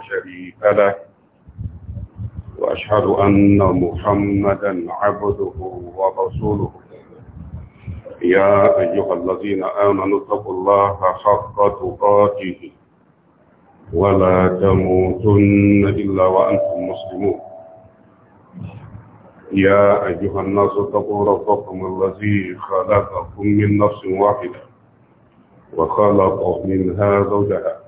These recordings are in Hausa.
شريك له وأشهد أن محمدا عبده ورسوله يا أيها الذين آمنوا اتقوا الله حق تقاته ولا تموتن إلا وأنتم مسلمون يا أيها الناس اتقوا ربكم الذي خلقكم من نفس واحدة وخلق منها زوجها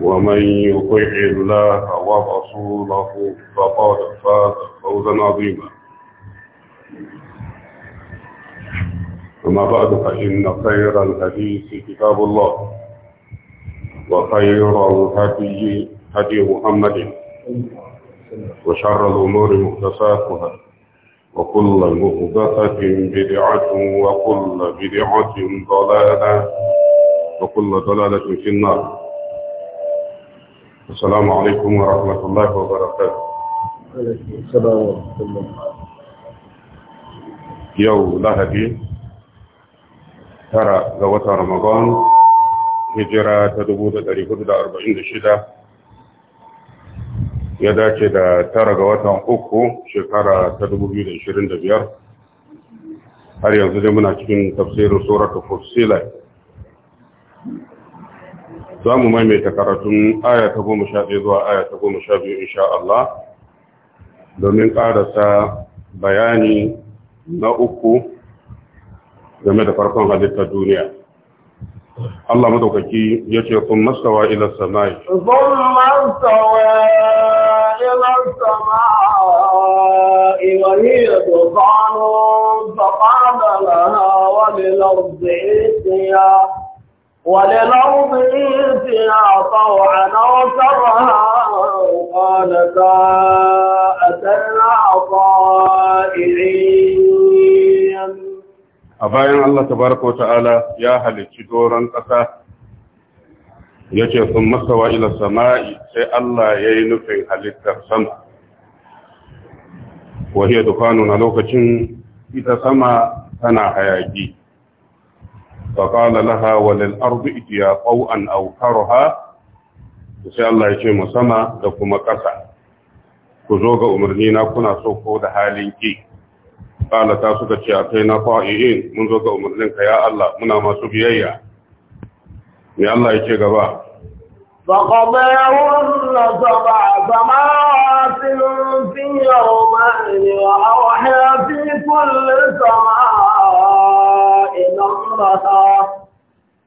ومن يطع الله ورسوله فقد فاز فوزا عظيما أما بعد فإن خير الحديث كتاب الله وخير الهدي هدي محمد وشر الأمور محدثاتها وكل مهدثة بدعة وكل بدعة ضلالة وكل ضلالة في النار السلام عليكم ورحمة الله وبركاته السلام ورحمة الله يو لهدي ترى قوة رمضان هجرة تدبوت داري هدى أربعين شدة ya dace da tara ga watan uku shekara ta 2025 har yanzu dai muna cikin tafsirin suratu fusilat za mu maimaita karatun aya ta goma sha ɗaya zuwa aya ta goma sha biyu insha Allah domin ƙarasa bayani na uku game da farkon halittar duniya. Allah madaukaki ya ce kun masawa ila samai. Kun mastawa ila samai wa da dukanu ta qala laha wani وللأرض فيها طوعا وكرها قالتا أتينا طائعين a bayan Allah tabaraka wa ta'ala ya halicci doron ƙasa ya ce sun masawa ila sama'i sai Allah ya yi nufin halittar sama wahiyar dukanu na lokacin ita sama tana hayaki فقال لها وللارض اتيا طوعا او كرها sai Allah ya ce sama da kuma ƙasa ku zo ga umarni na kuna so ko da halin ki ƙala ta suka ce akai na fa'i'in mun zo ga umarnin ka ya Allah muna masu biyayya ya Allah ya gaba فقضيهن سبع سماوات في يومين وأوحي في كل سماوات بسطا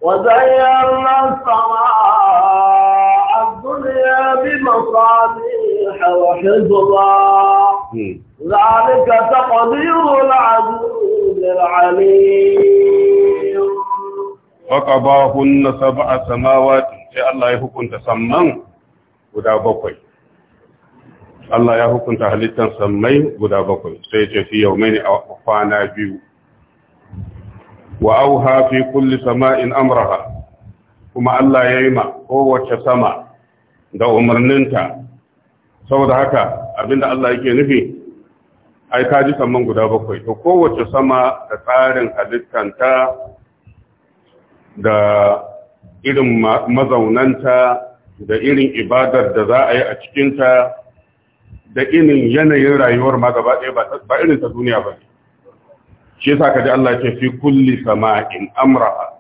وزينا السماء الدنيا بمصابيح وحفظا ذلك تقدير العزيز العليم وقضاهن سبع سماوات sai Allah ya hukunta guda bakwai Allah ya hukunta halittar sammai guda bakwai sai ce fi yau mai a kwana biyu wa auha fi kulli sama'in amraha kuma Allah ya ma kowace sama da umarninta saboda haka abinda Allah yake nufi ai ka ji saman guda bakwai to kowace sama da tsarin halittanta da irin mazaunanta da irin ibadar da za a yi a cikinta da irin yanayin rayuwar ma gaba ɗaya ba irin ta duniya ba shi yasa kaji Allah ce fi kulli sama'in amra'a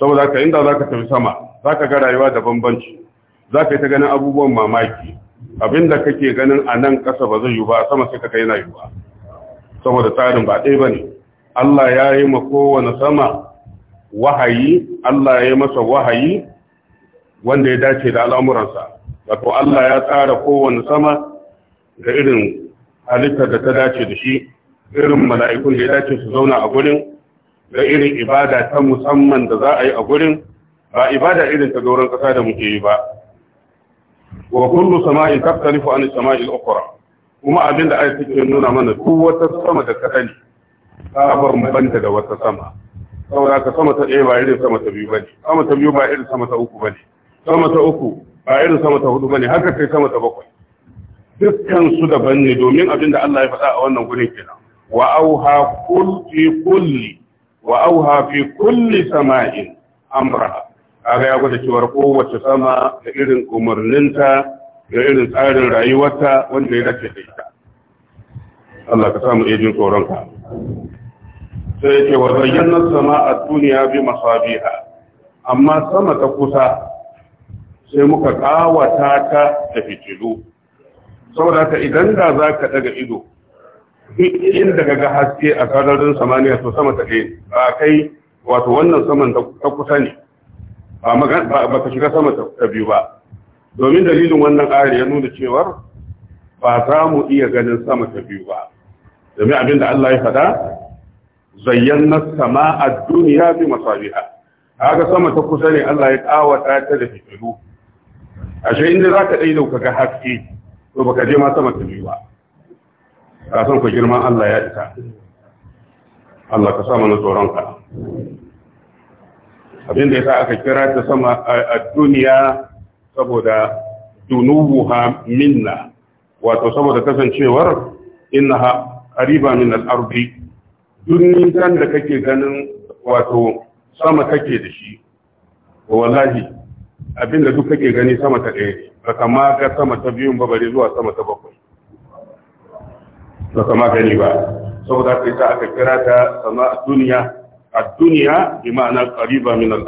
saboda ka inda zaka tafi sama zaka ga rayuwa da bambanci zaka yi ta ganin abubuwan mamaki abinda kake ganin a nan ƙasa ba zai yi ba sama sai ka na yana ba. saboda tsarin ba ɗaya bane Allah ya yi ma kowane sama wahayi Allah ya yi masa wahayi wanda ya dace da al'amuransa wato Allah ya tsara kowane sama ga irin halittar da ta dace da shi irin mala'ikun da ya dace su zauna a gurin da irin ibada ta musamman da za a yi a gurin ba ibada irin ta gauran ƙasa da muke yi ba wa kullu sama'in taftarifu an sama'il ukhra kuma abin da ayat ke nuna mana duk wata sama da kadani ta banta da wata sama saboda ka sama ta ɗaya ba irin sama ta biyu bane sama ta biyu ba irin sama ta uku bane sama ta uku ba irin sama ta hudu bane haka kai sama ta bakwai dukkan su daban ne domin abin da Allah ya faɗa a wannan gurin kenan wa auha kulli wa kulli sama'in amraha kaga ya gwada cewa kowace sama da irin umarninta da irin tsarin rayuwarta wanda ya dace da ita Allah ka samu ejin tsoronka sai ce wa zayyana sama a duniya bi masabiha amma sama ta kusa sai muka kawata ta da fitilu saboda haka idan da za ka daga ido inda ga haske a sararin samaniya to sama ta ɗaya ba kai wato wannan saman ta kusa ne ba ka shiga sama ta biyu ba domin dalilin wannan ayar ya nuna cewar ba za mu iya ganin sama ta biyu ba domin abin da Allah ya faɗa zayyana sama a duniya bi masabiha haka sama ta kusa ne Allah ya kawata ta da fitilu ashe inda za ka ɗai dauka ga haske to baka je ma sama ta biyu ba san ku girman Allah ya isa Allah ka sa mana tsoronka abinda ya sa aka kira ta sama a duniya saboda dunubuha minna wato saboda kasancewar innaha qariba min al-ardi duniyan da kake ganin wato sama kake da shi wallahi abinda duk kake gani sama ta ɗaya baka ga sama ta biyun ba bare zuwa sama ta bakwai ba kama gani ba saboda kai ta aka kira ta sama a duniya a duniya bi ma'ana ƙariba min al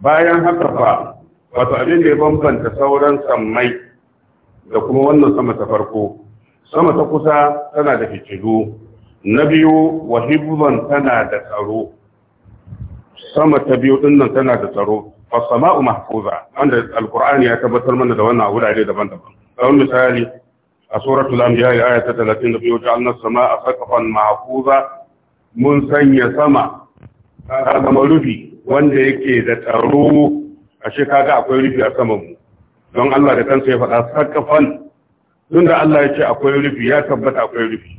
bayan haka fa wato abin da ya bambanta sauran sammai da kuma wannan sama ta farko sama ta kusa tana da fitilu na biyu wa hibban tana da tsaro sama ta biyu din nan tana da tsaro fa sama'u mahfuza wanda alqur'ani ya tabbatar mana da wannan a wurare daban-daban kamar misali a suratul anbiya aya ta 32 ja'alna sama a sakafan mahfuza mun sanya sama ta zama rufi wanda yake da tsaro ashe kaga akwai rufi a saman mu don Allah da kansa ya faɗa Tun da Allah ya ce akwai rufi ya tabbata akwai rufi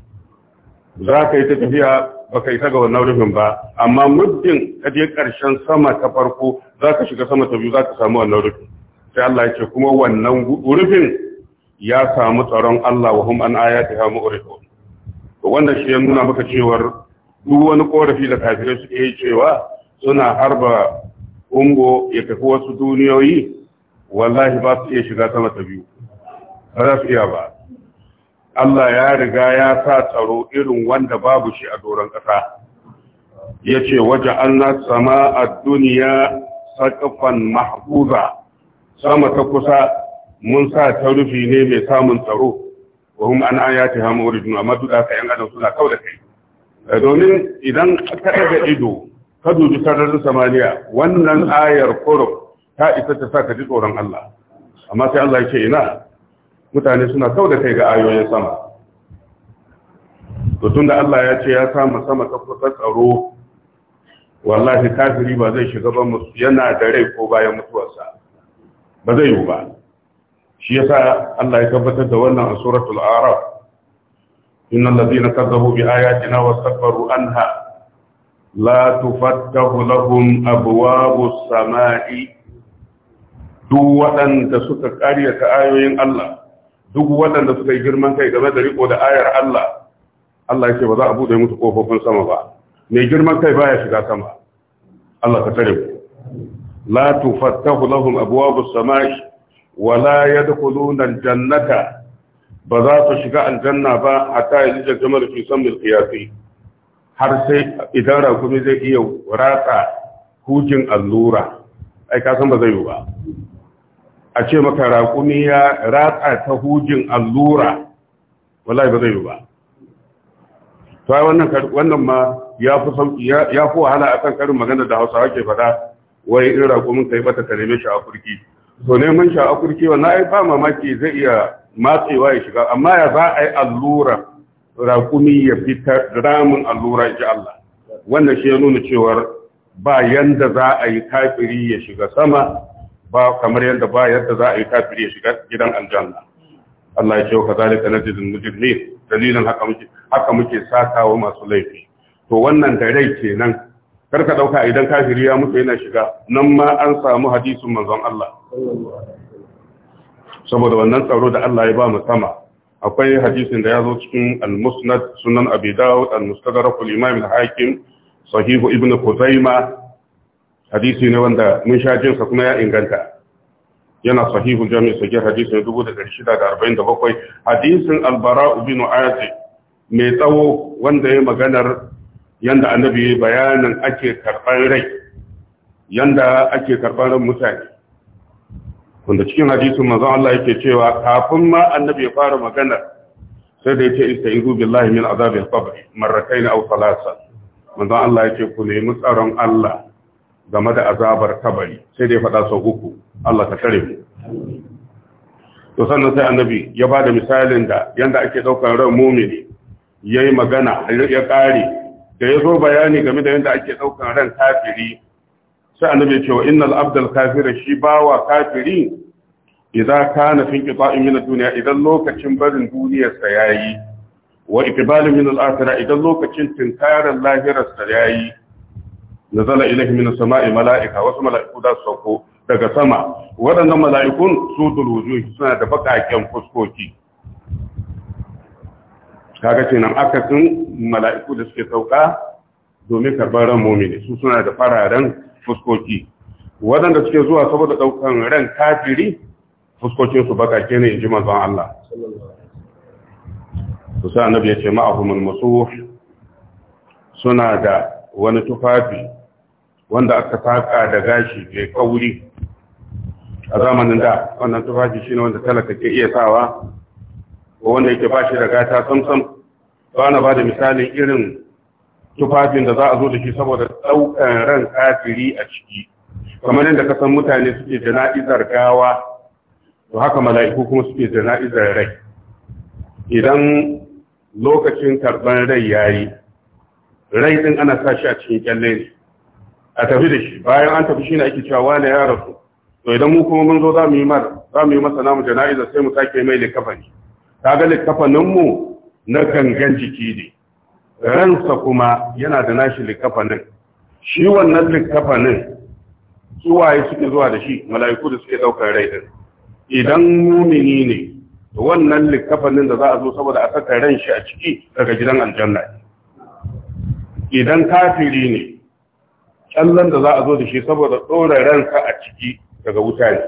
za ka yi ta tafiya ba ka isa ga wannan rufin ba amma muddin ka je ƙarshen sama ta farko za ka shiga sama ta biyu za ka samu wannan rufin sai Allah ya ce kuma wannan rufin ya samu tsaron Allah wa hum an ayatiha mu'ridun to wanda shi ya nuna maka cewar duk wani korafi da kafirai suke yi cewa suna harba ungo ya tafi wasu duniyoyi wallahi ba su iya shiga sama ta biyu ba za su iya ba Allah ya riga ya sa tsaro irin wanda babu shi a doron ƙasa ya ce waje an sama a duniya sakafan mahbuza sama ta kusa mun sa ta rufi ne mai samun tsaro wa hum an ayati ha muridun amma duk ka yan adam suna kauda kai eh, domin idan ka daga ido ka dubi sararin samaniya wannan ayar kurum ta isa ta sa ka ji tsoron Allah amma sai Allah yake ina mutane suna kauda kai ga ayoyin sama to da Allah ya ce ya samu sama ta kusa tsaro wallahi kafiri ba zai shiga ba yana da rai ko bayan mutuwarsa ba zai yi ba shi yasa Allah ya tabbatar da wannan a suratul araf innal ladina kadzabu bi ayatina wastakbaru anha la tufattahu lahum abwabus samai duk waɗanda suka ƙaryata ayoyin Allah duk waɗanda suka yi girman kai game da riko da ayar Allah Allah ya ce ba za a bude musu kofofin sama ba mai girman kai baya shiga sama Allah ka tare mu la tufattahu lahum abwabus samai wala yadkhuluna aljannata ba za su shiga aljanna ba a hatta yajid jamal fi samil qiyasi har sai idan rakumi zai iya ratsa hujin allura ai ka san ba zai yi ba a ce maka rakumi ya ratsa ta hujin allura wallahi ba zai yi ba to ai wannan wannan ma ya fi san ya fi wahala akan karin magana da Hausawa ke faɗa wai in rakumin kai bata ka shi a furki so neman sha akurki wa ba mamaki zai iya matsewa ya shiga amma ya za a yi allura rakumi ya fitar ramin allura ji Allah wannan shi ya nuna cewar ba yanda za a yi kafiri ya shiga sama ba kamar yanda ba yanda za a yi kafiri ya shiga gidan aljanna Allah ya ce wa kazalika najidul mujrimin dalilin haka muke haka muke sakawa masu laifi to wannan da rai kenan karka dauka idan kafiri ya mutu yana shiga nan ma an samu hadisin manzon Allah saboda wannan tsaro da Allah ya ba mu sama akwai hadisin da ya zo cikin al-musnad sunan abi dawud al-mustadrak al-imam al-hakim sahihu ibn khuzaima hadisi ne wanda mun sha jin sa kuma ya inganta yana sahihu jami' sahih hadisi ne 1647 hadisin al-bara ibn azi mai tsawo wanda ya maganar yanda annabi bayanin ake karban rai yanda ake karban mutane wanda cikin hadisin manzo Allah yake cewa kafin ma annabi ya fara magana sai da yace istaizu billahi min al qabr marratayn aw thalatha manzo Allah yake ku nemi tsaron Allah game da azabar kabari sai da ya faɗa sau uku Allah ka tare mu to sannan sai annabi ya ba da misalin da yanda ake daukar ran mumini yayi magana ya kare da ya zo bayani game da yanda ake daukar ran kafiri sai annabi ya ce wa innal abdal kafira shi bawa kafiri idan kana fin qita'in min ad-dunya idan lokacin barin duniyar sa yayi wa iqbalin min al-akhirah idan lokacin tinkarin lahirar sa yayi nazala ilayhi min as-sama'i mala'ika wasu mala'iku da su sauko daga sama waɗannan mala'ikun su dulwujuhi suna da bakaken fuskoki kaga kenan akasin mala'iku da suke sauka domin karɓar ran mumini su suna da fararen fuskoki waɗanda suke zuwa saboda ɗaukan ran kafiri fuskokin su baka ne inji manzon Allah su sa annabi ya ce ma'ahumul musuh suna da wani tufafi wanda aka saka da gashi mai kauri a zamanin da wannan tufafi shine wanda talaka ke iya sawa ko wanda yake bashi da gata samsam ba na ba da misalin irin tufafin da za a zo da shi saboda ɗaukan ran kafiri a ciki kamar yadda ka san mutane suke jana'izar gawa to haka mala'iku kuma suke jana'izar rai idan lokacin karban rai yayi rai din ana sa a cikin kyalle ne a tafi da shi bayan an tafi shine ake cewa wani ya rasu to idan mu kuma mun zo za mu yi mar za mu yi masa namu jana'izar sai mu sake mai likafani kaga likafanin mu na gangan jiki ne ransa kuma yana da nashi likafanin shi wannan likafanin suwaye suke zuwa da shi mala'iku da suke daukar rai din idan mumini ne wannan likafanin da za a zo saboda a saka ran shi a ciki daga gidan aljanna idan kafiri ne kyallon da za a zo da shi saboda ɗora ransa a ciki daga wuta ne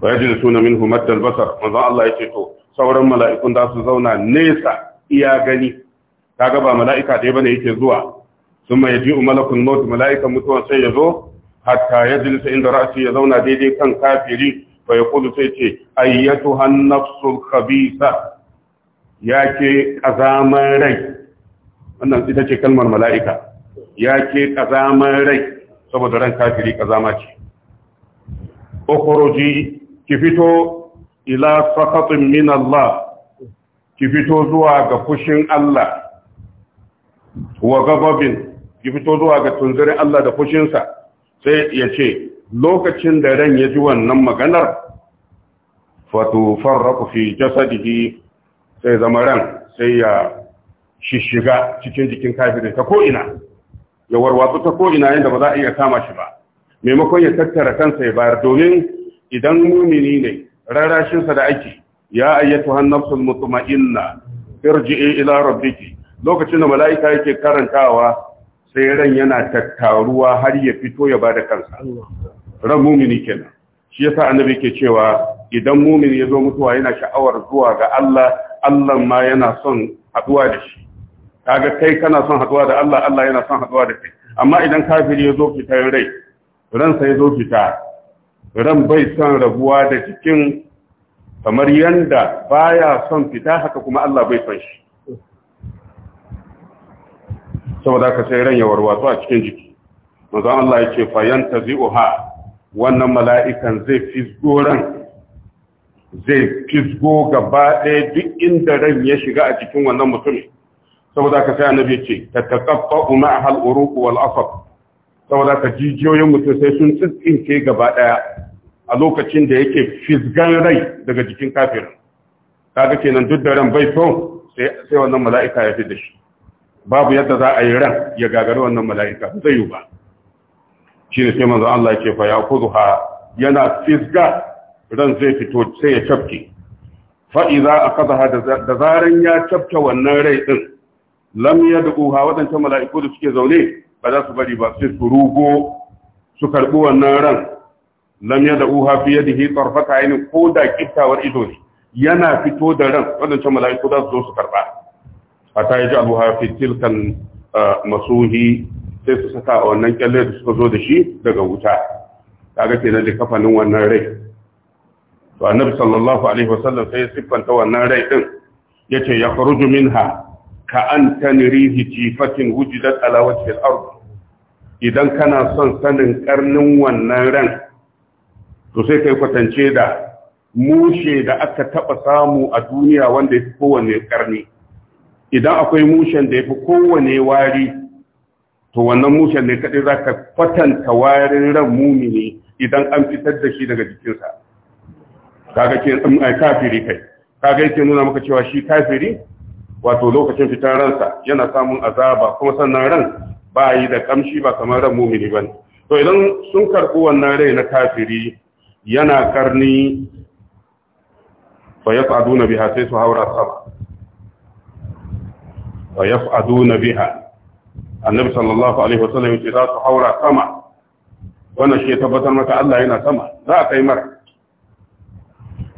ba ya da suna min humattar basar manzan Allah ya ce to sauran mala'ikun za su zauna nesa iya gani kaga ba mala'ika dai bane yake zuwa su mai malakun malakul maut mala'ikan mutuwa sai ya zo hatta ya jilisa inda ra'asi ya zauna daidai kan kafiri fa ya sai ce ayyatu hannafsul khabisa yake azaman rai wannan ita ce kalmar mala'ika yake azaman kazaman rai saboda ran kafiri kazama ce okoroji ki fito ila sakatin min Allah ki fito zuwa ga fushin Allah wa gababin ki fito zuwa ga tunzirin Allah da fushinsa sai ya ce lokacin da ran ya ji wannan maganar fatufarraku fi jasadihi sai zama ran sai ya shishiga cikin jikin kafiri ta ko'ina ya warwatsu ta ko'ina yadda ba za a iya kama shi ba maimakon ya tattara kansa ya bayar domin idan mumini ne rarashinsa da ake ya ayyatuhan nafsul mutma'inna irji'i ila rabbiki lokacin da mala'ika yake karantawa sai ran yana tattaruwa har ya fito ya bada kansa ran mumini kenan shi yasa annabi ke cewa idan mumini ya zo mutuwa yana sha'awar zuwa ga Allah Allah ma yana son haduwa da shi kaga kai kana son haduwa da Allah Allah yana son haduwa da kai amma idan kafiri ya zo fitar rai ran sai zo fita ran bai son rabuwa da cikin kamar yanda baya son fita haka kuma Allah bai son shi saboda ka sai ran ya warwatsu a cikin jiki manzo Allah ya ce fa yantazi'uha wannan mala'ikan zai fisgo ran zai fisgo gaba ɗaya duk inda ran ya shiga a cikin wannan mutumin saboda ka sai annabi ce taqaffa ma'aha al-uruq wal asab saboda ka jijiyoyin mutum sai sun tsinke gaba ɗaya a lokacin da yake fisgan rai daga jikin kafirin kaga kenan duk da ran bai so sai wannan mala'ika ya fi da shi babu yadda za a yi ran ya gagari wannan mala'ika zai yi ba shi ne sai manzo Allah ke fa ya kudu yana fisga ran zai fito sai ya cafke fa'iza a hada da zaran ya cafke wannan rai din lam da duha waɗanta mala'iku da suke zaune ba za su bari ba sai su rugo su karɓi wannan ran lam Uha fi yadihi tarfata ayni ko da kiftawar ido ne yana fito da ran wadancan mala'iku za su zo su karba yi ji abuha hafi, tilkan masuhi sai su saka a wannan kyalle da suka zo da shi daga wuta kaga kenan da kafanin wannan rai to annabi sallallahu alaihi wasallam sai siffanta wannan rai din yace ya kharuju minha ka antani rihi jifatin wujidat ala wajhil ard idan kana son sanin karnin wannan ran to sai kai kwatance da mushe da aka taba samu a duniya wanda ya fi kowane karni idan akwai mushen da ya fi kowane wari to wannan mushen ne kaɗai za ka kwatanta warin ran mumini idan an fitar da shi daga jikinsa kaga ke um, kafiri kai kaga yake nuna maka cewa shi kafiri wato lokacin fitar ransa yana samun azaba kuma sannan ran ba yi da kamshi ba kamar ran mumini ba to idan sun karɓi wannan rai na kafiri yana karni fa aduna biha sai su haura sama fa aduna biha annabi sallallahu alaihi wasallam yace za su haura sama wannan shi tabbatar maka Allah yana sama za a kai mara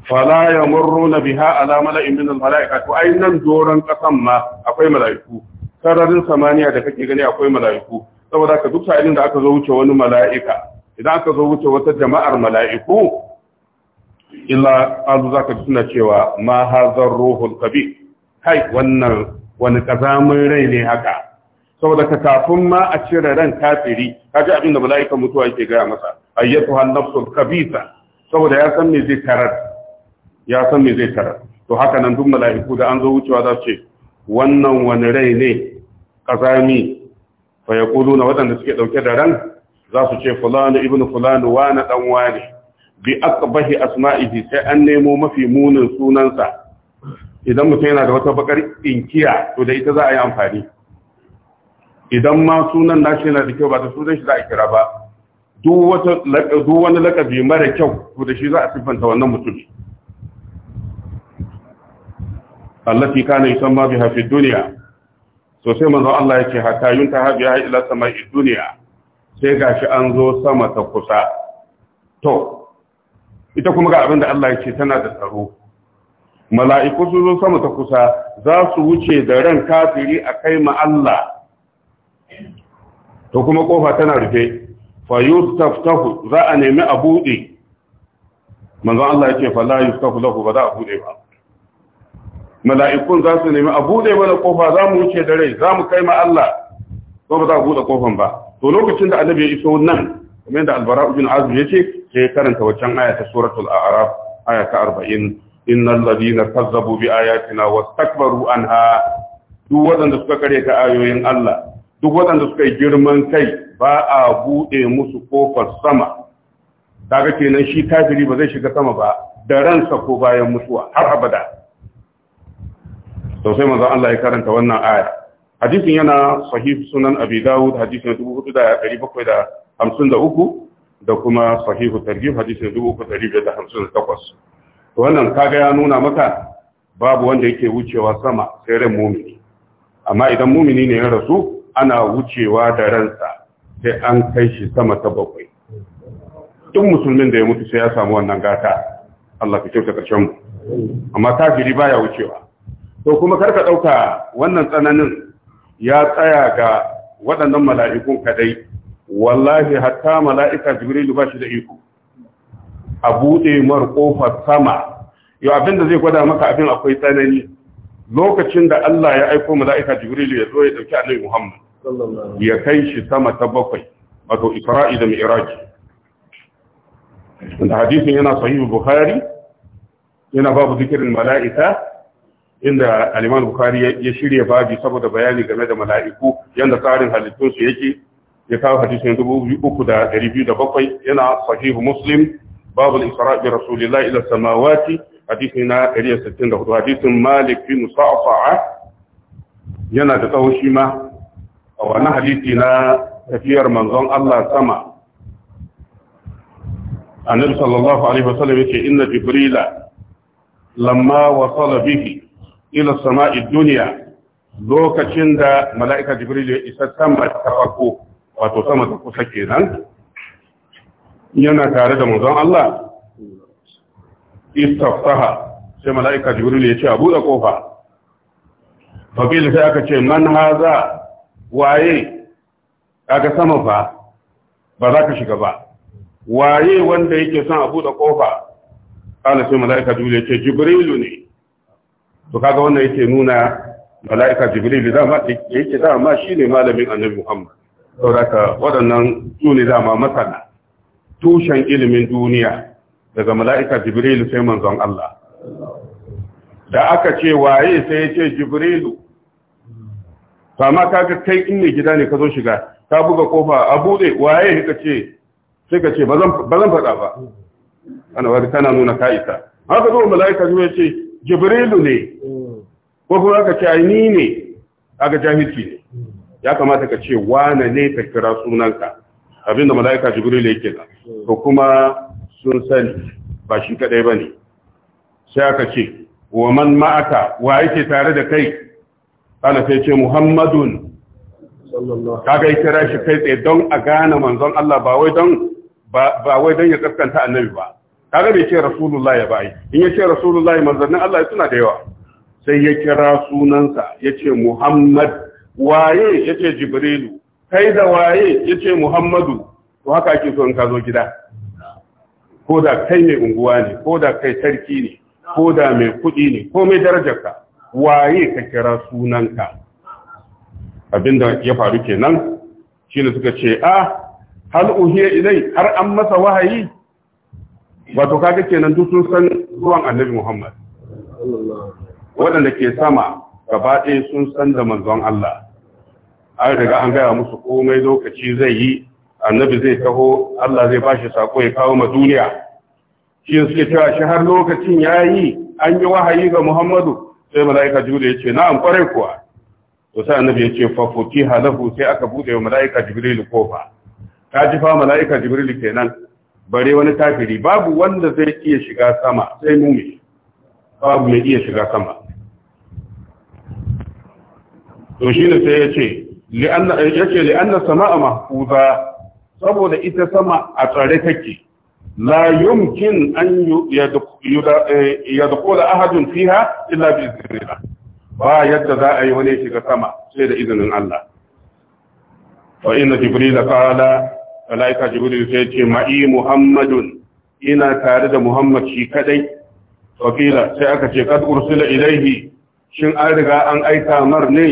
fala yamurruna biha ala mala'in min al-mala'ika to ai nan doran kasan ma akwai mala'iku sararin samaniya da kake gani akwai mala'iku saboda ka duk sa'ilin da aka zo wuce wani mala'ika idan aka zo wuce wata jama'ar mala'iku illa azu zaka suna cewa ma hazar ruhul kabi kai wannan wani kazamin rai ne haka saboda ka kafin ma a cire ran kafiri kaje abin da mala'ikan mutuwa yake gaya masa ayyatu han nafsul khabisa saboda ya san me zai tarar ya san me zai tarar to haka nan duk mala'iku da an zo wucewa za su ce wannan wani rai ne kazami fa yaquluna wadanda suke dauke da ran za su ce fulani ibn fulani wani dan wani bi aqbahi asma'ihi sai an nemo mafi munin sunansa idan mutum yana da wata bakar inkiya to da ita za a yi amfani idan ma sunan shi yana da kyau ba da sunan shi za a kira ba duk wani lakabi mara kyau to da shi za a siffanta wannan mutum allati kana yusamma biha fi dunya so sai manzo Allah yake hatta yunta ha biha ila sama'i sai gashi an zo sama ta kusa to ita kuma ga abin da Allah ya ce tana da tsaro mala'iku su zo sama ta kusa za su wuce da ran kafiri a kai ma Allah to kuma kofa tana rufe fa yustaftahu za a nemi a buɗe manzon Allah ya ce fa la yustaftahu lahu ba za a buɗe ba mala'ikun za su nemi a buɗe mana kofa za mu wuce da rai za mu kai ma Allah ko ba za a buɗe kofan ba to lokacin da annabi ya iso nan kamar da albara ibn azmi yace sai karanta waccan aya ta suratul a'raf aya ta 40 innal ladina kazzabu bi ayatina wastakbaru anha duk wadanda suka kare ta ayoyin Allah duk waɗanda suka yi girman kai ba a buɗe musu kofar sama kaga kenan shi kafiri ba zai shiga sama ba da ransa ko bayan mutuwa har abada to sai manzon Allah ya karanta wannan aya hadisin yana sahih sunan abi dawud hadisin 4753 da kuma sahihu tarjih hadisin da to wannan kaga ya nuna maka babu wanda yake wucewa sama sai ran mumini amma idan mumini ne ya rasu ana wucewa da ransa sai an kai shi sama ta bakwai duk musulmin da ya mutu sai ya samu wannan gata Allah ka kyauta karshen mu amma kafiri baya wucewa to kuma karka dauka wannan tsananin ya tsaya ga waɗannan mala'ikun kadai wallahi hatta mala'ika jibrilu ba shi da iko a buɗe mar sama yau abin da zai gwada maka abin akwai tsanani lokacin da Allah ya aiko mala'ika jibrilu ya zo ya ɗauki annabi muhammad ya kai shi sama ta bakwai wato isra'i da mi'raji da hadisin yana sahihu bukhari yana babu zikirin mala'ika inda al-Imam Bukhari ya shirya babi saboda bayani game da mala'iku yadda tsarin halittunsu yake ya kawo dubu uku da biyu da bakwai, yana sahih Muslim babu al-Isra' bi Rasulillahi ila samawati hadisin na hudu, hadisin Malik bin Sa'fa'a yana da tsawo shi ma a wannan hadisi na tafiyar manzon Allah sama annabi sallallahu alaihi wasallam yace inna jibrila lamma wasala bihi ila sama'i duniya lokacin da mala'ika jibril ya isa sama ta farko wato sama ta kusa kenan yana tare da manzon Allah istaftaha sai mala'ika jibril ya ce a da kofa faƙil sai aka ce man haza waye aka sama fa ba za ka shiga ba waye wanda yake son a buɗe kofa ala sai mala'ika jibril ya ce jibrilu ne to kaga wannan yake nuna mala'ika jibril ma yake ma shine malamin annabi muhammad saboda waɗannan su ne dama masana tushen ilimin duniya daga mala'ika jibril sai manzon Allah da aka ce waye sai ya ce jibrilu fama kaga kai in ne gida ne ka zo shiga ka buga kofa a bude waye ka ce sai ka ce ba zan faɗa ba ana wani kana nuna ka isa haka zo mala'ika zuwa ce jibrilu ne ko kuma ka ce aini ne aka jahilci ne ya kamata ka ce wane ne ka kira sunanka abinda mala'ika jibrilu yake nan ko kuma sun sani ba shi kadai ne. sai aka ce wa man ma'aka wa yake tare da kai ana sai ce muhammadun kaga ya kira shi kai tsaye don a gane manzon Allah ba wai don ya kaskanta annabi ba kaga bai ce rasulullahi ya bai in ya ce rasulullahi manzannin Allah ya suna da yawa sai ya kira sunansa ya ce muhammad waye ya ce jibrilu kai da waye ya ce muhammadu to haka ake so in ka zo gida ko da kai mai unguwa ne ko da kai sarki ne ko da mai kuɗi ne ko mai darajarka waye ka kira sunanka abinda ya faru kenan shine suka ce a ah, hal uhiya ilai har an masa wahayi wato kaga kenan duk sun san zuwan annabi Muhammad waɗanda ke sama gaba ɗaya sun san da manzon Allah an riga an gaya musu komai lokaci zai yi annabi zai taho Allah zai bashi sako ya kawo ma duniya shi suke cewa shi har lokacin yayi an yi wahayi ga Muhammadu sai mala'ika Jibril ya ce na'am kwarai kuwa to sai annabi ya ce fa futiha lahu sai aka bude wa mala'ika Jibril kofa ta ji fa mala'ika Jibril kenan bare wani tafiri babu wanda zai iya shiga sama sai mumi babu mai iya shiga sama to shi ne sai ya ce yake li'anna sama'a mahfuza saboda ita sama a tsare take la yumkin an eh, yadkhula ahadun fiha illa bi idhnillah ba yadda za a yi wani shiga sama sai da izinin Allah wa inna jibril qala malaika jibril sai ce ma'i muhammadun ina tare da muhammad shi kadai wakila sai aka ce kad ursila ilaihi shin an riga an aika mar ne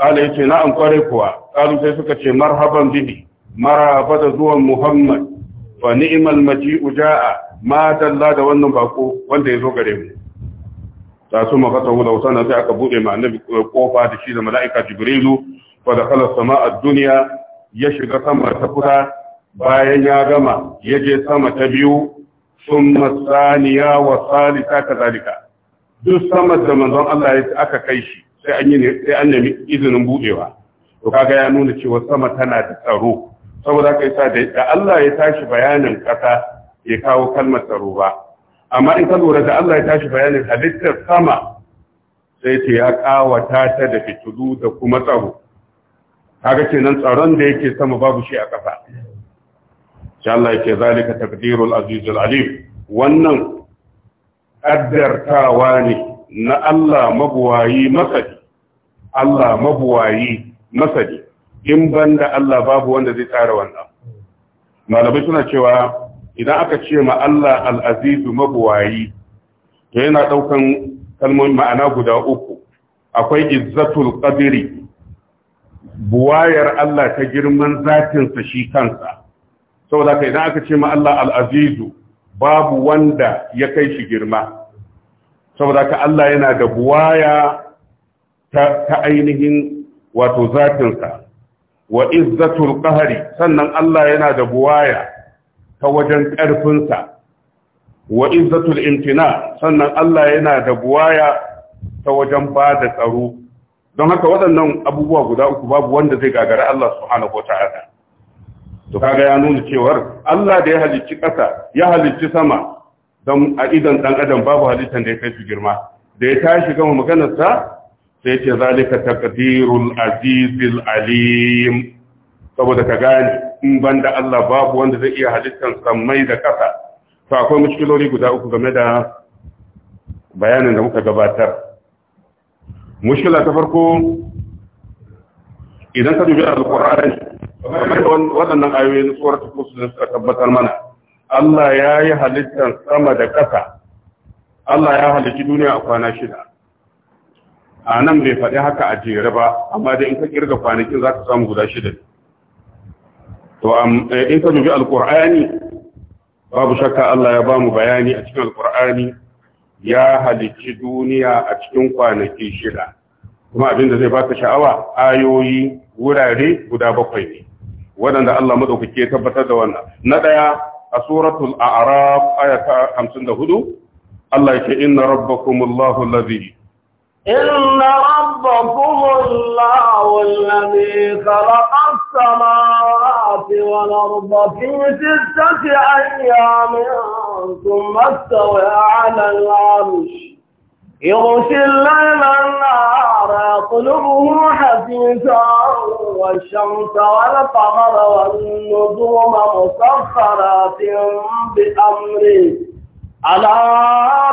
kala yace an kware kuwa kalu sai suka ce marhaban bihi maraba da zuwan muhammad wa ni'mal maji'u ja'a ma dalla da wannan bako wanda ya gare mu ta su maka tawo da sai aka bude ma annabi kofa da shi da mala'ika jibrilu fa dakhala sama'a ad-dunya ya shiga sama ta kusa bayan ya gama ya je sama ta biyu sun masaniya wa salisa ka zalika duk sama da manzon Allah ya aka kai shi sai an yi sai an nemi izinin budewa to kaga ya nuna cewa sama tana da tsaro saboda haka sa da Allah ya tashi bayanin kasa ya kawo kalmar tsaro ba amma in ka lura da Allah ya tashi bayanin halittar sama sai ce ya kawata ta da fitulu da kuma tsaro kaga kenan tsaron da yake sama babu shi a ƙasa insha Allah yake zalika taqdirul azizul alim wannan addartawa ne na Allah mabuwayi masadi Allah mabuwayi masadi in banda Allah babu wanda zai tsara wannan malamai suna cewa idan aka ce ma Allah al aziz mabuwayi to yana daukan kalmomi ma'ana guda uku akwai izzatul qadiri buwayar Allah ta girman zatinsa shi kansa saboda ka idan aka ce ma Allah al'azizu babu wanda ya kai shi girma saboda ka Allah yana da buwaya ta, ainihin wato zatinsa wa izzatul qahari sannan Allah yana da buwaya ta wajen ƙarfinsa wa izzatul imtina sannan Allah yana da buwaya ta wajen ba da tsaro don haka waɗannan abubuwa guda uku babu wanda zai gagara Allah subhanahu wata'ala to kaga ya nuna cewar Allah da ya halicci ƙasa ya halicci sama don a idan ɗan adam babu halittar da ya kai su girma da ya tashi gama maganarsa sai ce zalika taqdirul azizil alim saboda ka gane in banda Allah babu wanda zai iya halittar sammai da ƙasa to akwai mushkiloli guda uku game da bayanin da muka gabatar mushkila ta farko idan ka dubi alqur'ani kamar waɗannan ayoyin suratul qasas suka tabbatar mana Allah ya yi halittar sama da ƙasa Allah ya halitta duniya a kwana shida a nan bai faɗi haka a jere ba amma dai in ka kirga kwanakin za ka samu guda shida to eh, in ka dubi alqur'ani babu shakka Allah ya ba mu bayani a cikin alqur'ani ya halicci duniya a cikin kwanaki shida kuma abinda zai baka sha'awa ayoyi wurare guda bakwai ne waɗanda Allah madaukake ya tabbatar da wannan na ɗaya a suratul a'raf aya ta 54 Allah yake inna rabbakumullahu allazi إن ربكم الله الذي خلق السماوات والأرض في ستة أيام ثم استوى على العرش يغشي الليل النار يطلبه حديثا والشمس والقمر والنجوم مسخرات بأمره على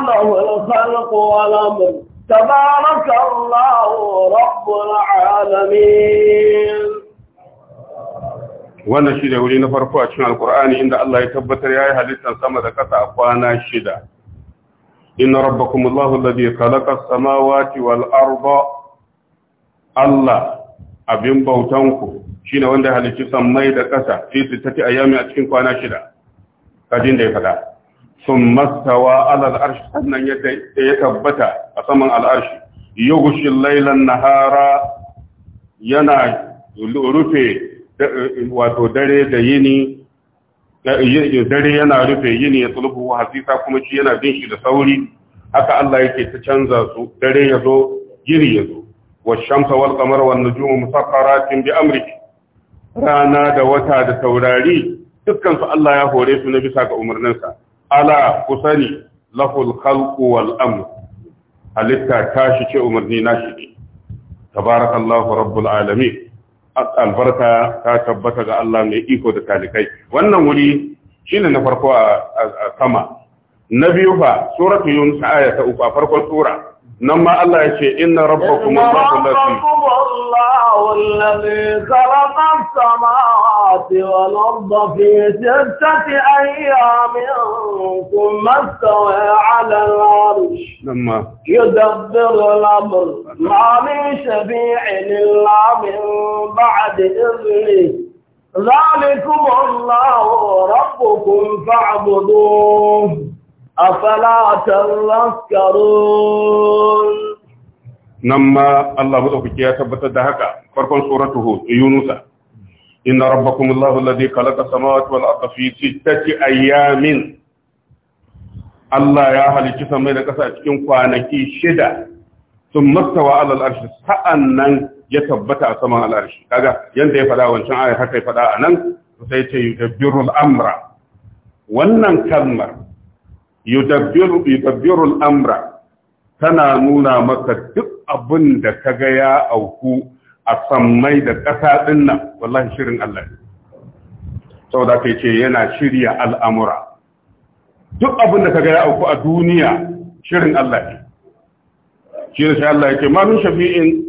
له الخلق والأمر تبارك الله رب العالمين wannan shi da wuri na farko a cikin alkur'ani inda Allah ya tabbatar ya yi halittar sama da ƙasa a kwana shida inna rabbakumullahu alladhi khalaqa as-samawati wal arda Allah abin bautanku shine wanda ya halicci sammai da ƙasa fi sittati ayami a cikin kwana shida kadin da ya fada ثم استوى على العرش yadda ya tabbata a saman al'arshi yughshi laylan nahara yana rufe wato dare da yini dare yana rufe yini ya sulhu hasisa kuma shi yana bin shi da sauri haka Allah yake ta canza su dare ya zo yini ya zo shamsa wal qamar wan nujumu musakharatin bi amrihi rana da wata da taurari dukkan su Allah ya hore su na bisa ga umarninsa ala kusani lahul khalqu wal amr halitta tashi ce umarni nashi ne tabarakallahu rabbul alamin albarka ta tabbata ga Allah mai iko da talikai wannan wuri shine na farko a sama na biyu fa suratu yunus aya ta uku a farkon sura nan ma Allah ya ce inna rabbakum Allahu latif الذي خلق السماوات والأرض في ستة أيام ثم استوى على العرش يدبر الأمر ما من شفيع إلا من بعد إذنه ذلكم الله ربكم فاعبدوه أفلا تذكرون nan ma Allah ya tabbatar da haka farkon suratu hud yunusa inna rabbakum allahu alladhi khalaqa samawati wal arda fi sittati ayamin Allah ya halicci samai da ƙasa cikin kwanaki shida tun mastawa alal arshi nan ya tabbata a saman al'arshi Yanda ya faɗa wancan ayar haka ya faɗa a nan sai ce yudabbirul amra wannan kalmar yudabbirul amra tana nuna maka duk abin da ka ga ya auku a sammai da ƙasa ɗin nan wallahi shirin Allah sau da kai ce yana shirya al'amura duk abin da ka ga ya auku a duniya shirin Allah shi da shi Allah ya ce Mamin shafi'in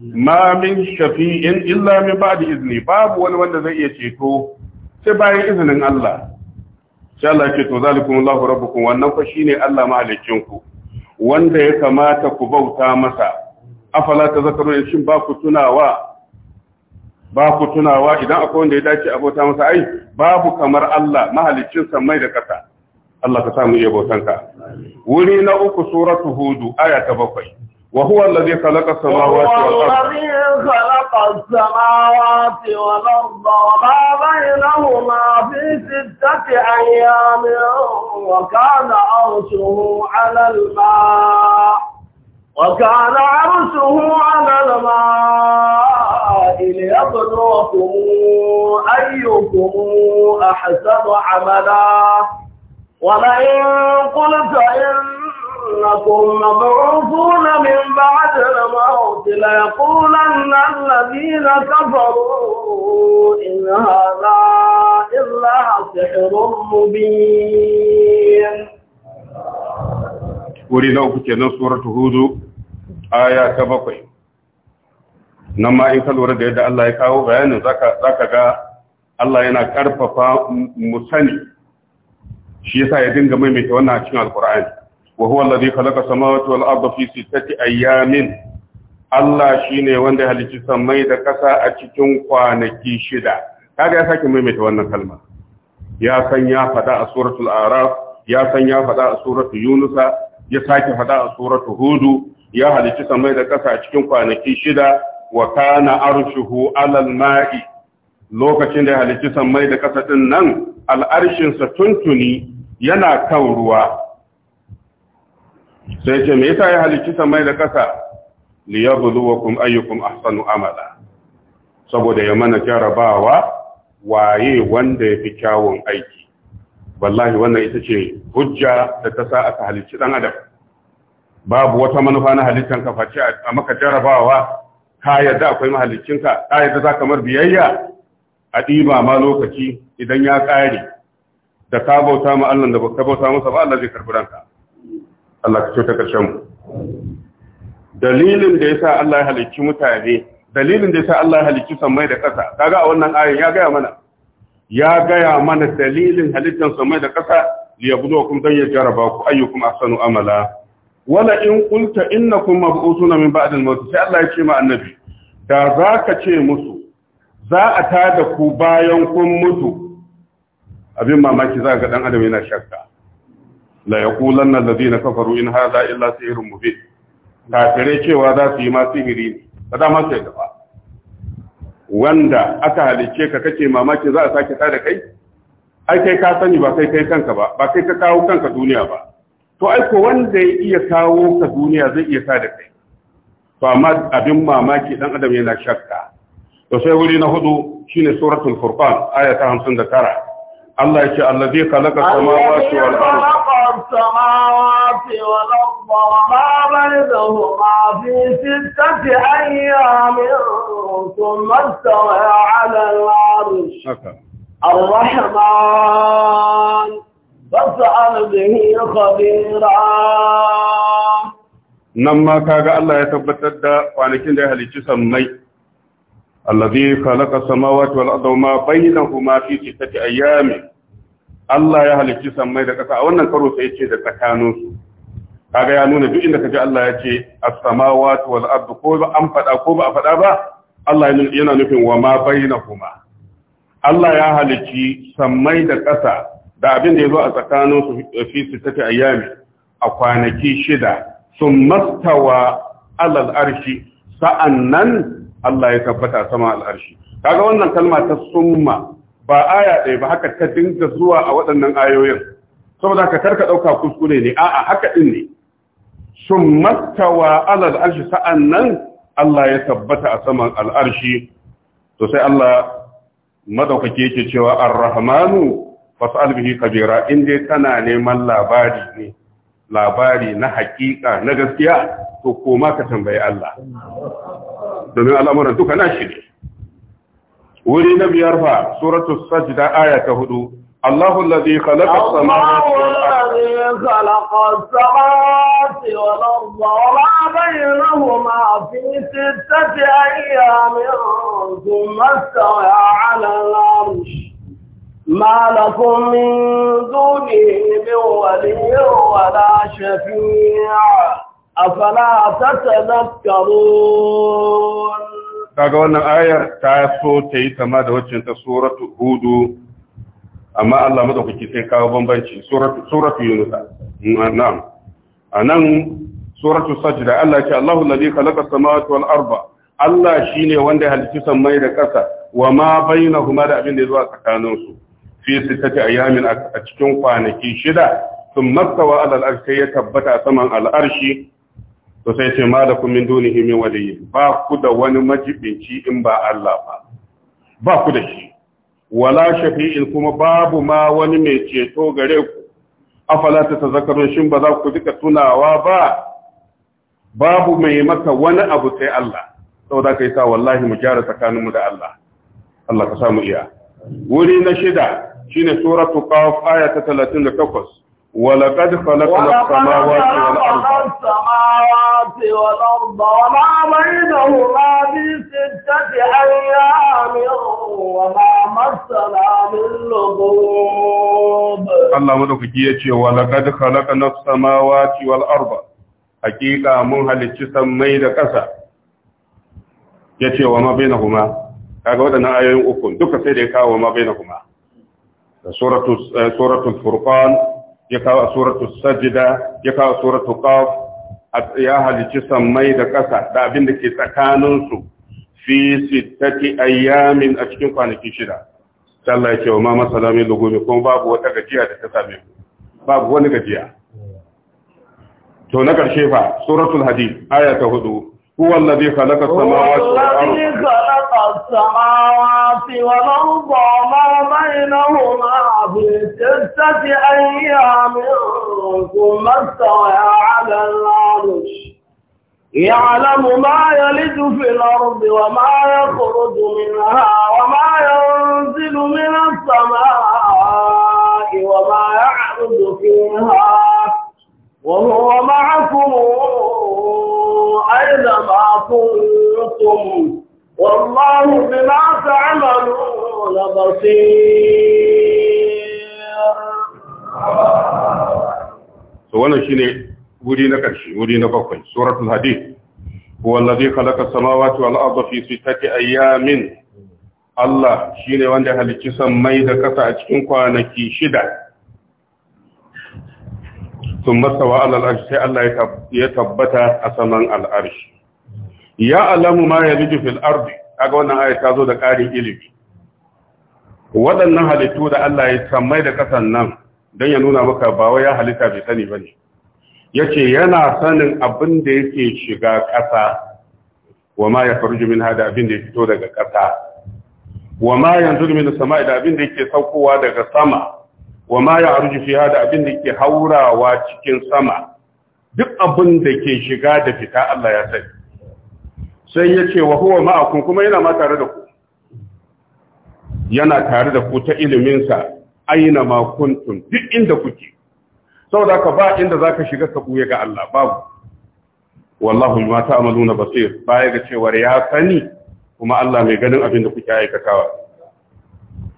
mamin shafi'in illa ba da izini babu wani wanda zai iya ceto sai bayan izinin Allah shi Allah ya ce to zalikum rabu kun wannan shi ne Allah mahalicinku wanda ya kamata ku bauta masa afala ta zakarun shin ba ku tunawa ba ku tunawa idan akwai wanda ya dace a bauta masa ai babu kamar Allah mahaliccin samai da kasa Allah ka samu iya bautanka wuri na uku suratu hudu aya ta bakwai وهو الذي خلق السماوات والأرض الذي خلق السماوات والأرض وما بينهما في ستة أيام وكان عرشه على الماء وكان عرشه على الماء ليبلوكم أيكم أحسن عملا ولئن قلت إن أنكم مبعوثون من بعد الموت ليقولن الذين كفروا إن هذا إلا سحر مبين wuri na uku kenan suratu hudu aya ta bakwai nan ma in ka lura da yadda Allah ya kawo bayanin za ka ga Allah yana karfafa musani shi yasa ya dinga maimaita wannan cikin alkur'ani وهو الذي خلق السماوات والأرض في ستة أيام Allah shi ne wanda halicci sammai da ƙasa a cikin kwanaki shida. Kaga ya sake maimaita wannan kalma. Ya san ya faɗa a suratul Araf, ya san ya faɗa a suratul Yunusa, ya sake faɗa a suratul Hudu, ya halicci sammai da ƙasa a cikin kwanaki shida wa kana arshuhu alal ma'i. Lokacin da ya halicci sammai da ƙasa ɗin nan, al'arshinsa tuntuni yana kan ruwa. sai ce me yasa ya halicci samai da ƙasa liyabluwakum ayyukum ahsanu amala saboda ya mana jarabawa waye wanda yafi kyawun aiki wallahi wannan ita ce hujja da ta sa aka halicci dan adam babu wata manufa na halittan ka face a maka jarabawa ka yadda akwai mahallicin ka yadda za kamar biyayya a ɗiba ma lokaci idan ya kare. da ka bauta ma Allah da ka bauta masa ba Allah zai karbi ranka Allah ka cuta ƙarshen mu dalilin da ya sa Allah ya halicci mutane dalilin da ya sa Allah ya halicci sammai da ƙasa ga a wannan ayin ya gaya mana ya gaya mana dalilin halittar sammai da ƙasa kuma dan ya jaraba ku ayyukum sanu amala wala in kuma mabu'utu na min ba'adin al sai Allah ya ce ma annabi da za ka ce musu za a tada ku bayan kun mutu abin mamaki za ga ɗan adam yana shakka la yaqulanna alladhina kafaru in hadha illa sihrun mubin kafirai cewa za su yi ma sihiri ne ba da ma sai gaba wanda aka halice ka kake mamaki za a sake ta da kai ai kai ka sani ba kai kai kanka ba ba kai ka kawo kanka duniya ba to ai ko wanda ya iya kawo ka duniya zai iya ta da kai to amma abin mamaki dan adam yana shakka to sai wuri na hudu shine suratul furqan aya ta 59 Allah ya ce allazi khalaqa samawati wal arda السماوات والأرض وما بينهما في ستة أيام ثم استوى على العرش الرحمن فاسأل به خبيرا نما نعم، كاغا الله يتبتد وانكين ده هلتي سمي الذي خلق السماوات والأرض وما بينهما في ستة أيام Allah ya halicci sammai da ƙasa a wannan karo sai ce da tsakaninsu kaga ya nuna duk inda kaji Allah ya ce as-samawati wal ardu ko ba an fada ko ba a fada ba Allah yana nufin wa ma bainahuma Allah ya halicci sammai da ƙasa da abin da yazo a tsakaninsu fi sittati ayyami a kwanaki shida sun mastawa alal arshi sa'annan Allah ya tabbata sama al'arshi kaga wannan kalma ta summa ba aya ɗaya ba haka ta dinga zuwa a waɗannan ayoyin saboda ka karka ɗauka kuskure ne a'a haka ɗin ne sun mattawa alal arshi sa'an nan Allah ya tabbata a saman al'arshi to sai Allah madaukake yake cewa ar-rahmanu fas'al bihi kabira in dai kana neman labari ne labari na hakika na gaskiya to koma ka tambayi Allah domin al'amuran duka na shi ne wuri na biyar fa suratu sajda aya ta hudu Allahu allazi khalaqa as-samawati wal ardi khalaqa as-samawati wal ardi wa ma bainahuma fi sittati ayyamin thumma istawa 'ala al-'arsh ما لكم من دونه من ولي ولا شفيع أفلا تتذكرون kaga wannan ayar ta so ta yi kama da waccan ta suratu hudu amma Allah madaukaki sai kawo bambanci suratu suratu yunus na'am anan suratu sajda Allah ya ce Allahu alladhi khalaqa samawati wal arda Allah shine wanda ya halitta mai da ƙasa wa ma bainahuma da abin da zuwa tsakanin su fi sittati ayamin a cikin kwanaki shida sun mastawa al arshi ya tabbata a saman al'arshi to sai ce ku min dunihi min waliyyi ba ku da wani majibinci in ba Allah ba ba ku da shi wala shafi'in kuma babu ma wani mai ceto gare ku afala ta tazakarun shin ba za ku duka tunawa ba babu mai maka wani abu sai Allah saboda kai sa wallahi mu jara tsakaninmu da Allah Allah ka samu iya wuri na shida shine suratul qaf aya ta 38 ولقد خلقنا السماوات والأرض وما بينهما في ستة أيام وما مسنا من لغوب الله لك جيتي ولقد خلقنا السماوات والأرض حقيقة من هل تسمي كسا جيتي وما بينهما kaga waɗannan ayoyin uku duka سيدي da وما بينهما سورة, سورة الفرقان ya kawo a suratul sajida ya kawo suratul qaf ya halici sammai da ƙasa da abin da ke tsakanin su fi sittati ayyamin a cikin kwanaki shida sallah ya ce wa ma salami min lugubi kuma babu wata gajiya da ta same ku babu wani gajiya to na ƙarshe fa suratul hadid aya ta 4 huwa allazi khalaqa samawati wal arda السماوات والأرض وما بينهما في ستة أيام ثم استوى على العرش يعلم ما يلد في الأرض وما يخرج منها وما ينزل من السماء وما يعرض فيها وهو معكم أينما كنتم والله بما تعملون بصير so wannan shine wuri na ƙarshe wuri na bakwai suratul hadid huwa allazi khalaqa samawati wal arda fi sittati ayamin Allah shine wanda halicci sammai da ƙasa a cikin kwanaki shida sun masawa alal arshi sai Allah ya tabbata a saman al'arshi ya alamu ma ya liju fil ardi kaga wannan ayat ta zo da ƙarin ilimi waɗannan halittu da Allah ya sammai da kasan nan don ya nuna maka ba wai ya halitta bai sani bane yace yana sanin abin da yake shiga ƙasa wa ma yakhruju min hada abin da ya fito daga ƙasa wa ma yanzuru min sama'i da abin da yake saukowa daga sama wa ma ya'ruju fi hada abin da yake haurawa cikin sama duk abin da ke shiga da fita Allah ya sani sai ya ce wa huwa ma'akun kuma yana ma tare da ku yana tare da ku ta iliminsa aina ma kuntum duk inda kuke saboda ka ba inda zaka shiga ka buye ga Allah babu wallahu ma ta'maluna basir baya ga cewa ya sani kuma Allah mai ganin abin da kuke aikatawa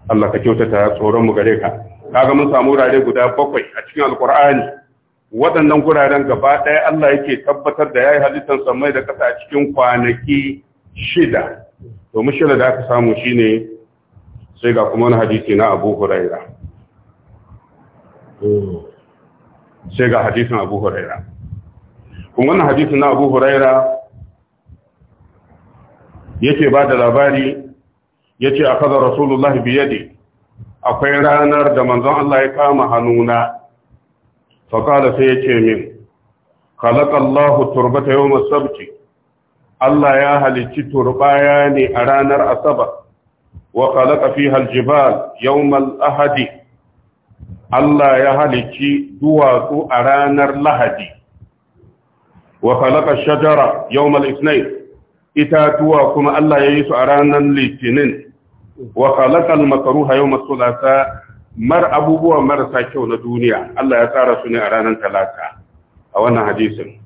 Allah ka kyautata tsoron mu gare ka kaga mun samu rare guda bakwai a cikin alqur'ani waɗannan guraren gaba ɗaya Allah yake tabbatar da ya yi halittar samai da ƙasa a cikin kwanaki shida domin shida da aka samu shi ne sai ga kuma wani hadisi na abu huraira sai ga hadisin abu huraira kuma wani hadisi na abu huraira yake ba da labari ya ce a kaza rasulullah biyade akwai ranar da manzon Allah ya kama hannuna faƙala sai ya ce min kalaƙallahu turbata yau masabci Allah ya halicci turbaya ne a ranar asaba wa kalaƙa fi haljibal yau mal'ahadi Allah ya halicci duwatsu a ranar lahadi wa kalaƙa shajara yau mal'isnai itatuwa kuma Allah ya yi su a ranar litinin wa kalaƙal makaruha yau masulasa mar abubuwa marasa kyau na duniya Allah ya tsara su ne a ranar talata a wannan hadisin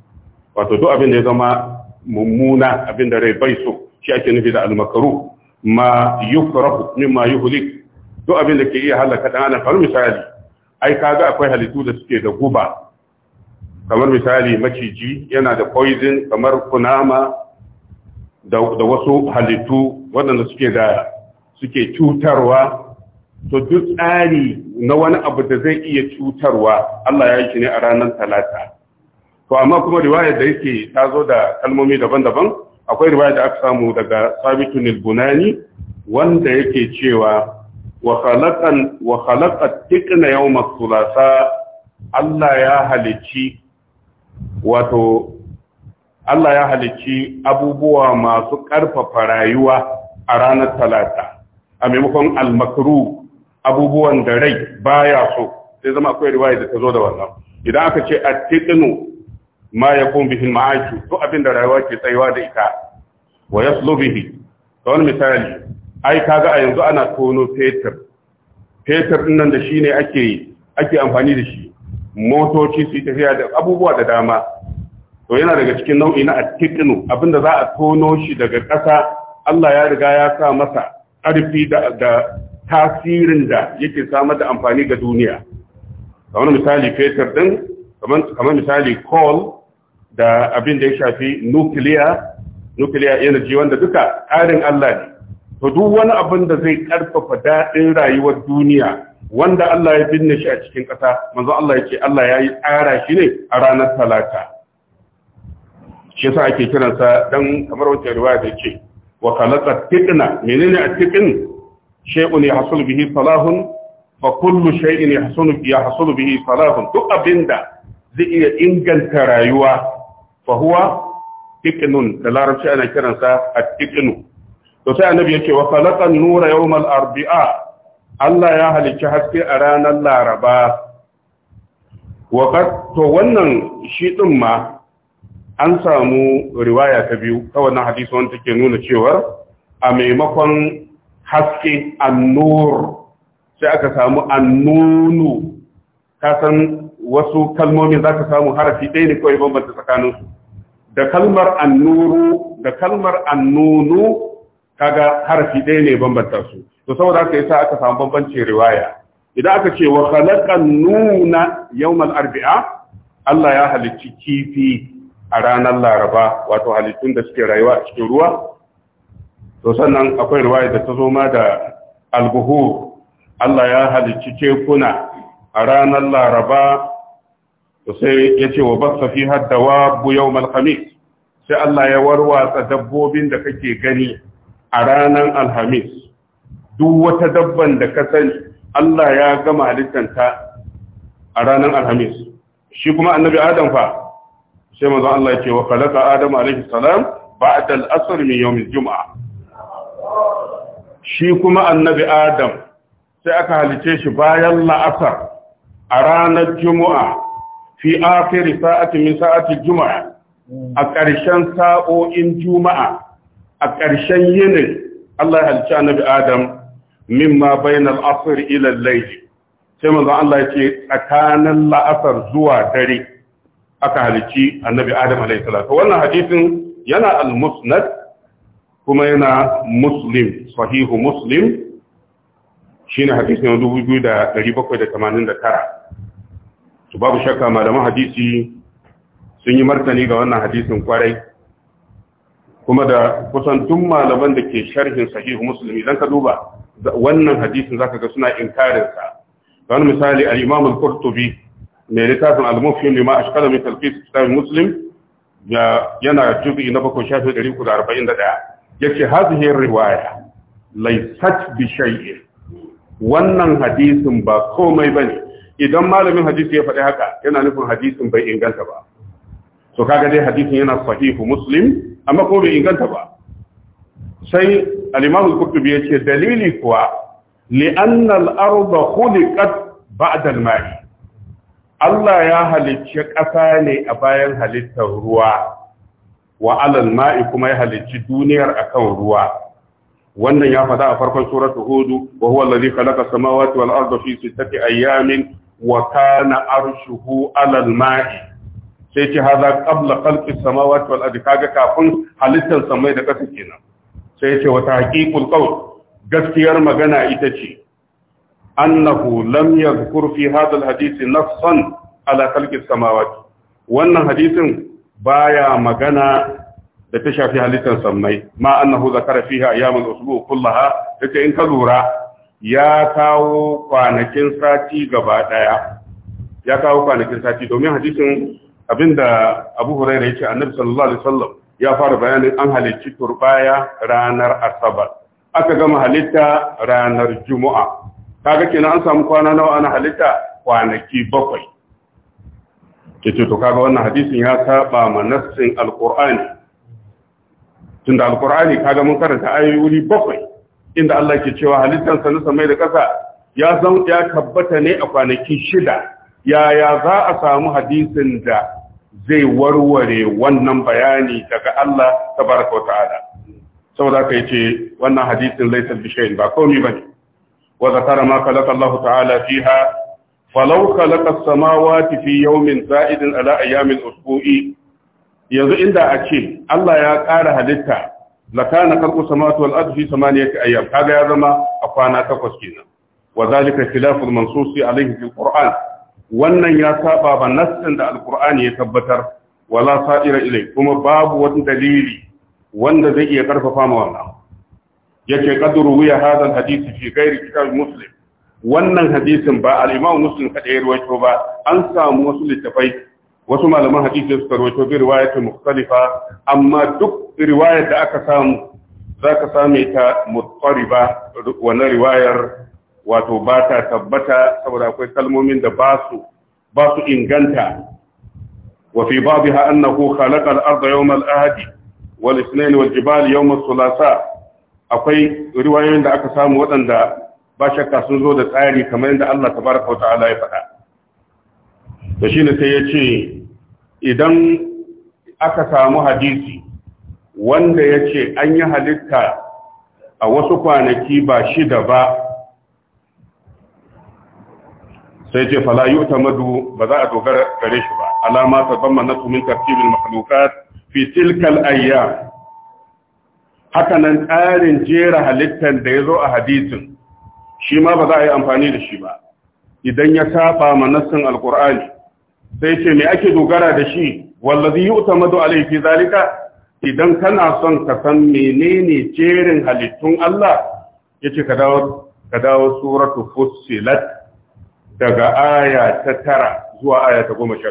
wato duk abin da ya zama mummuna abin da rai bai so shi ake nufi da almakaru ma yukrahu mimma yuhlik duk abin da ke iya halaka dan ana far misali ai kaga akwai halittu da suke da guba kamar misali maciji yana da poison kamar kunama da wasu halittu waɗanda suke da suke cutarwa to duk tsari na wani abu da zai iya cutarwa Allah ya yi ne a ranar talata to amma kuma riwayar da yake ta zo da kalmomi daban-daban akwai riwayar da aka samu daga sabitun ilbunani wanda yake cewa wa halakar wa yau masu lasa Allah ya halici wato Allah ya halici abubuwa masu ƙarfafa rayuwa a ranar talata a maimakon al abubuwan da rai baya so sai zama akwai riwaya da ta zo da wannan idan aka ce at ma yakun bihi to abin da rayuwa ke tsayuwa da ita wa yaslu bihi to wani misali ai kaga a yanzu ana tono fetur fetur din nan da shine ake ake amfani da shi motoci su tafiya da abubuwa da dama to yana daga cikin nau'i na abin abinda za a tono shi daga ƙasa Allah ya riga ya sa masa ƙarfi da tasirin da yake samar da amfani ga duniya kamar misali fetur din kamar misali coal da abin da ya shafi nuclear nuclear energy wanda duka tsarin Allah ne to duk wani abin da zai karfafa daɗin rayuwar duniya wanda Allah ya binne shi a cikin ƙasa manzo Allah ya ce Allah ya yi tsara shi ne a ranar talata shi yasa ake kiransa dan kamar wata riwaya da ce wa khalaqa tiqna menene a atiqin ya yahsul bihi salahun fa kullu shay'in ya yahsul bihi salahun duk abinda zai iya inganta rayuwa fa huwa tiqnun da larabci ana kiransa at-tiqnu to sai annabi yake wa khalaqan nura yawmal arbi'a Allah ya halicci haske a ranar laraba to wannan shi din ma an samu riwaya ta biyu ta wannan hadisi wanda take nuna cewar a maimakon haske annur sai aka samu annunu ka san wasu kalmomi za ka samu harafi ɗaya ne kawai bambanta tsakaninsu da kalmar annuru da kalmar annunu kaga harafi ɗaya ne bambanta su to saboda haka yasa aka samu bambanci riwaya idan aka ce wa khalaqan nuna yawmal arbi'a Allah ya halicci kifi a ranar Laraba wato halittun da suke rayuwa a cikin ruwa to sannan akwai riwaya da ta zo ma da albuhu Allah ya halicci tekuna a ranar laraba to sai ya ce wa basa fi haddawa bu yau malhamis sai Allah ya warwatsa dabbobin da kake gani a ranar alhamis duk wata dabban da ka sani Allah ya gama halittanta a ranar alhamis shi kuma annabi adam fa sai mazan Allah ya ce wa khalaqa adam alaihi salam ba'da al-asr min yawm al-jum'a shi kuma annabi adam sai aka halice shi bayan la'asar a ranar juma'a fi akhiri sa'ati min sa'ati juma'a a ƙarshen sa'o'in juma'a a ƙarshen yinin Allah ya halice annabi adam mimma bainal asr ila al-layl sai manzon Allah ya ce tsakanin la'asar zuwa dare aka halici annabi adam alayhi salatu wannan hadisin yana al-musnad kuma yana muslim sahihu muslim shi ne hadisi na 2789 To babu shakka malaman hadisi sun yi martani ga wannan hadisin kwarai kuma da kusantun malaman da ke sharhin sahihu muslim idan ka duba wannan hadisin zaka ga suna karinsa. wani misali al-imam al-qurtubi mai littafin al-mufhim lima ashkala min talqis kitab muslim yana jubi na 7 shafi 341 yace hadhihi riwaya laysat bi shay'in wannan hadisin ba komai bane idan malamin hadisi ya faɗi haka yana nufin hadisin bai inganta ba to kaga dai hadisin yana sahihu muslim amma ko bai inganta ba sai al-imam al-qurtubi yace dalili kuwa li'an al-ardh khuliqat ba'da al-ma'i Allah ya halicci ƙasa ne a bayan halittar ruwa wa alal ma'i kuma ya halicci duniyar akan ruwa wannan ya faɗa a farkon suratu hudu wa huwa allazi khalaqa samawati wal arda fi sittati ayamin wa kana arshuhu alal ma'i sai ce haza qabla khalqis samawati wal ardi kaga kafin halittar samai da ƙasa kenan sai ce wa tahqiqul qawl gaskiyar magana ita ce annahu lam yadhkur fi hadha al hadith nafsan ala khalqis samawati wannan hadisin baya magana da ta shafi halittar sammai ma annahu zakara fiha ayyamul usbu kullaha yace in ka lura ya kawo kwanakin sati gaba daya ya kawo kwanakin sati domin hadisin abinda Abu Hurairah yace Annabi sallallahu alaihi wasallam ya fara bayanin an halicci turbaya ranar asabar aka gama halitta ranar juma'a kaga kenan an samu kwana nawa ana halitta kwanaki bakwai yace to kaga wannan hadisin ya saba ma nassin alqur'ani tunda alqur'ani kaga mun karanta ayoyi bakwai inda Allah ke cewa halittar sa na samai da ƙasa ya zan ya tabbata ne a kwanaki shida yaya za a samu hadisin da zai warware wannan bayani daga Allah tabaraka wata'ala saboda ka yace wannan hadisin laysa bi ba komai bane wa zakara ma khalaqa Allah ta'ala fiha falau khalaqa samawati fi yawmin za'idin ala ayyamin usbu'i yanzu inda a ce Allah ya ƙara halitta la kana khalqu samawati wal ardi fi samaniyati ayyam kaga ya zama a kwana takwas kenan wa zalika khilaful mansusi alayhi fil qur'an wannan ya saba ba nassin da alqur'ani ya tabbatar wala sa'ira ilai kuma babu wani dalili wanda zai iya karfafa ma wannan yake qadru ya hadal hadisi fi ghairi kitab muslim wannan hadisin ba al-Imam Muslim kadai ruwaito ba an samu wasu littafai wasu malaman hadisi suka ruwaito bi riwayat mukhtalifa amma duk riwayar da aka samu zaka same ta muttariba wannan riwayar wato ba ta tabbata saboda akwai kalmomin da ba su ba su inganta wa fi babiha annahu khalaqa al-ardha yawm al-ahadi wal ithnain wal jibal yawm ath-thulatha akwai riwayoyin da aka samu waɗanda ba shakka sun zo da tsari kamar yadda Allah tabaraka wa ta'ala ya faɗa to shine sai ya ce idan aka samu hadisi wanda ya ce an yi halitta a wasu kwanaki ba shida ba sai ce fala yi madu ba za a dogara gare shi ba alama ta zama na tumin tartibin makhlukat fi tilkal ayya hakanan tsarin jera halittan da ya zo a hadisin shi ma ba za a yi amfani da shi ba idan ya saba ma alkur'ani sai ce me ake dogara da shi wallazi yu'tamadu alayhi fi zalika idan kana son ka san menene jerin halittun Allah yace ka dawo ka dawo suratu fussilat daga aya ta tara zuwa aya ta goma sha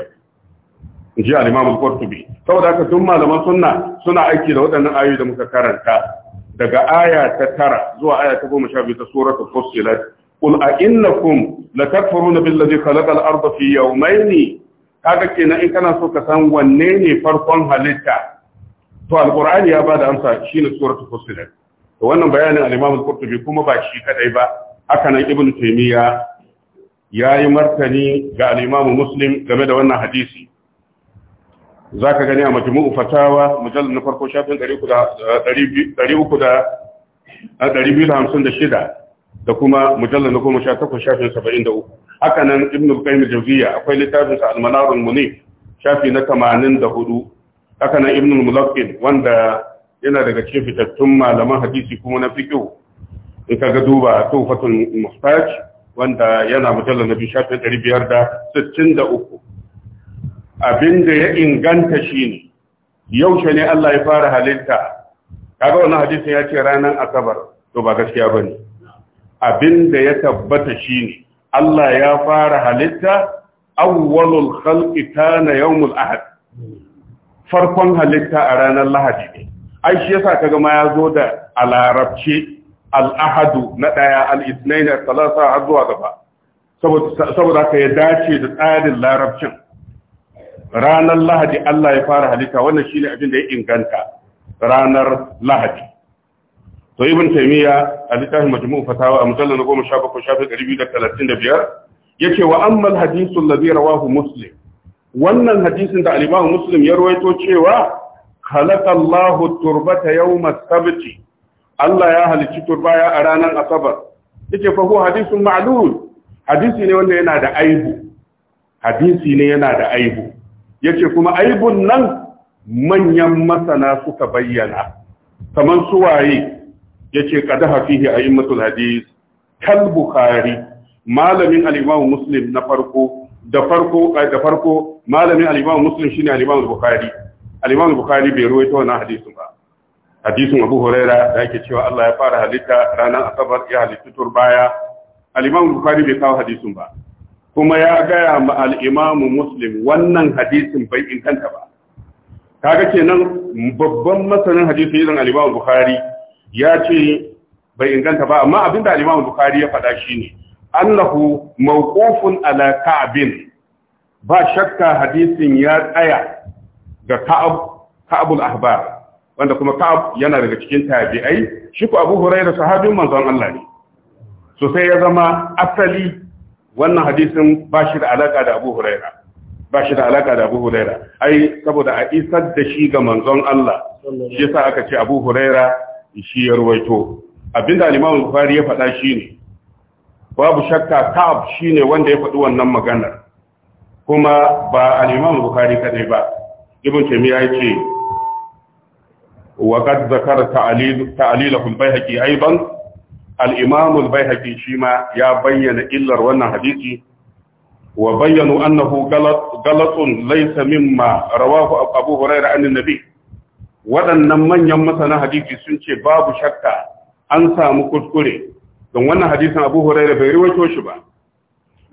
in ji al-imam al-qurtubi saboda haka duk malaman sunna suna aiki da waɗannan ayoyi da muka karanta daga aya ta tara zuwa aya ta goma sha biyu ta suratul fussilat qul a innakum latakfuruna billazi khalaqa al-ardha fi yawmayn ke na in kana so ka san wanne ne farkon halitta to alqur'ani ya bada amsa shine suratul fosilat. to wannan bayanin Alimamin imam kuma ba shi kadai ba haka nan ibn ya yayi martani ga al-imam muslim game da wannan hadisi za ka gani a majmu'u fatawa mujallar na farko shafin 356 da kuma mujallar na goma sha takwas shafin 73 haka nan ibn al-qayyim jawziya akwai littafin sa al-manarul munif shafi na 84 haka nan ibn al wanda yana daga cikin fitattun malaman hadisi kuma na fiqh in ka ga duba tuhfatul muhtaj wanda yana mujallar na biyu shafin 563 abinda ya inganta ne. yaushe ne Allah ya fara halitta kaga wannan hadisin ya ce ranar asabar to ba gaskiya bane abinda ya tabbata shine Allah ya fara halitta awwalul khalqi kana yawmul ahad farkon halitta a ranar lahadi ne ai shi yasa kaga ma ya zo da alarabce al-ahadu na daya al-ithnain al-thalatha har zuwa gaba saboda saboda ka ya dace da tsarin larabcin ranar lahadi Allah ya fara halitta wannan shine abin da ya inganta ranar lahadi to ibn taymiya a littafin majmu'u fatawa a mujallal 17 shafi 235 yace wa amma al-hadithu alladhi rawahu muslim wannan hadisin da al-imam muslim ya rawaito cewa khalaqa Allahu turbata yawm as-sabt Allah ya halicci turbaya a ranar asabar yake fa huwa hadithun ma'lul hadisi ne wanda yana da aibu hadisi ne yana da aibu yace kuma aibun nan manyan masana suka bayyana kaman waye, yace kada hafihi a'immatul hadis kal bukhari malamin al-imam muslim na farko da farko da farko malamin al-imam muslim shine al-imam bukhari al-imam bukhari bai ruwaito wannan hadisin ba hadisin abu huraira da yake cewa Allah ya fara halitta ranar asabar ya halitta turbaya al-imam bukhari bai kawo hadisin ba kuma ya gaya ma al'imamu muslim wannan hadisin bai inganta ba kaga kenan babban masanin hadisi irin al'imamu bukhari ya ce bai inganta ba amma abinda al'imamu bukhari ya faɗa shi ne allahu mawqufun ala ka'abin ba shakka hadisin ya tsaya ga ka'abul ahbar wanda kuma ka'ab yana daga cikin tabi'ai shi ku abu da sahabin manzon Allah ne so sai ya zama asali wannan hadisin ba shi da alaka da Abu Huraira ba shi da alaka da Abu Huraira ai saboda a isar da shi ga manzon Allah shi yasa aka ce Abu Huraira shi ya ruwaito abinda al-Imam Bukhari ya faɗa shine babu shakka Ka'ab shine wanda ya faɗi wannan magana kuma ba al-Imam Bukhari kadai ba Ibn Taymiyyah ya ce وقد ذكر ta'lilahu al البيهقي aidan al-imam al-baihaqi ma ya bayyana illar wannan hadisi wa bayyanu annahu galat galatun laysa mimma rawahu abu hurairah an nabi waɗannan manyan masana hadisi sun ce babu shakka an samu kuskure don wannan hadisin abu hurairah bai riwayo shi ba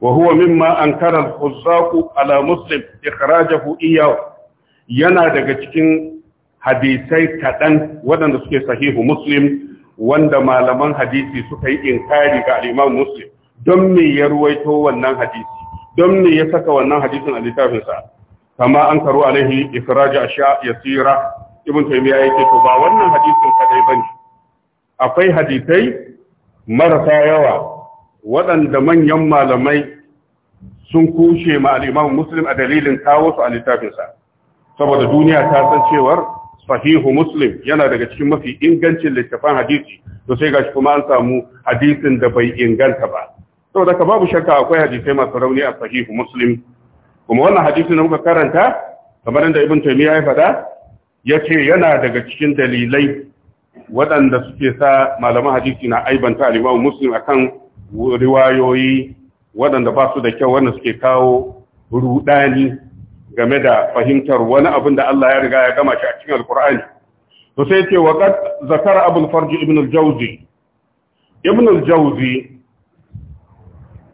wa huwa mimma ankara al-huzzaq ala muslim ikhrajahu iyyahu yana daga cikin hadisai kaɗan waɗanda suke sahihu muslim wanda malaman hadisi suka yi inkari ga al-Imam Muslim don me ya ruwaito wannan hadisi don me ya saka wannan hadisin a littafin kama an karu alaihi a asha yasira ibn taymiya yake to ba wannan hadisin kadai bane akwai hadisai marasa yawa waɗanda manyan malamai sun kushe ma al-Imam Muslim a dalilin kawo su a littafinsa? saboda duniya ta san cewar sahihu muslim yana daga cikin mafi ingancin littafan hadisi to sai gashi kuma an samu hadisin da bai inganta ba saboda ka babu shakka akwai hadisai masu rauni a sahihu muslim kuma wannan hadisin da muka karanta kamar da ibn taymiya ya faɗa yace yana daga cikin dalilai waɗanda suke sa malaman hadisi na aibanta al-Imam Muslim akan riwayoyi waɗanda ba su da kyau wanda suke kawo rudani game da fahimtar wani abin da Allah ya riga ya gama shi a cikin alkur'ani to sai ce wa qad zakara abul farj ibn al-jawzi ibn al-jawzi